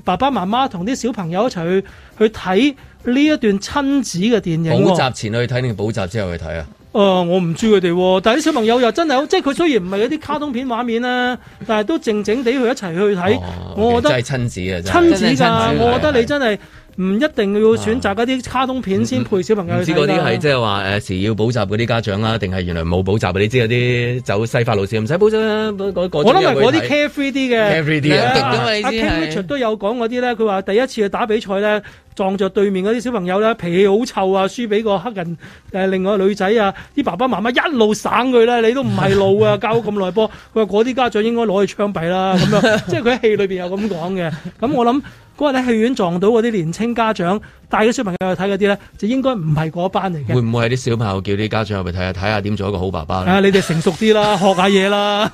爸爸媽媽同啲小朋友一齊去去睇呢一段親子嘅電影、啊。補習前去睇定補習之後去睇啊？誒、呃，我唔知佢哋、啊，但係啲小朋友又真係好，即係佢雖然唔係嗰啲卡通片畫面啦、啊， *laughs* 但係都靜靜地去一齊去睇。我覺得真係親子啊，親子噶、啊啊，我覺得你真係。唔一定要選擇嗰啲卡通片先配小朋友去、啊。我、嗯嗯、知嗰啲係即係話誒時要補習嗰啲家長啦、啊，定係原來冇補習嘅、啊？你知嗰啲走西法路線唔使補習、啊。我諗係嗰啲 carefree 啲嘅。carefree 啲 care 啊！阿 Kenrich 都有講嗰啲呢，佢話第一次去打比賽呢。撞着對面嗰啲小朋友咧，脾氣好臭啊！輸俾個黑人誒、呃，另外個女仔啊，啲爸爸媽媽一路省佢咧，你都唔係路啊，教咁耐噃。佢話嗰啲家長應該攞去槍斃啦，咁樣， *laughs* 即係佢喺戲裏邊又咁講嘅。咁我諗嗰日喺戲院撞到嗰啲年青家長帶啲小朋友去睇嗰啲咧，就應該唔係嗰班嚟嘅。會唔會係啲小朋友叫啲家長入去睇啊？睇下點做一個好爸爸啊，你哋成熟啲啦，學下嘢啦。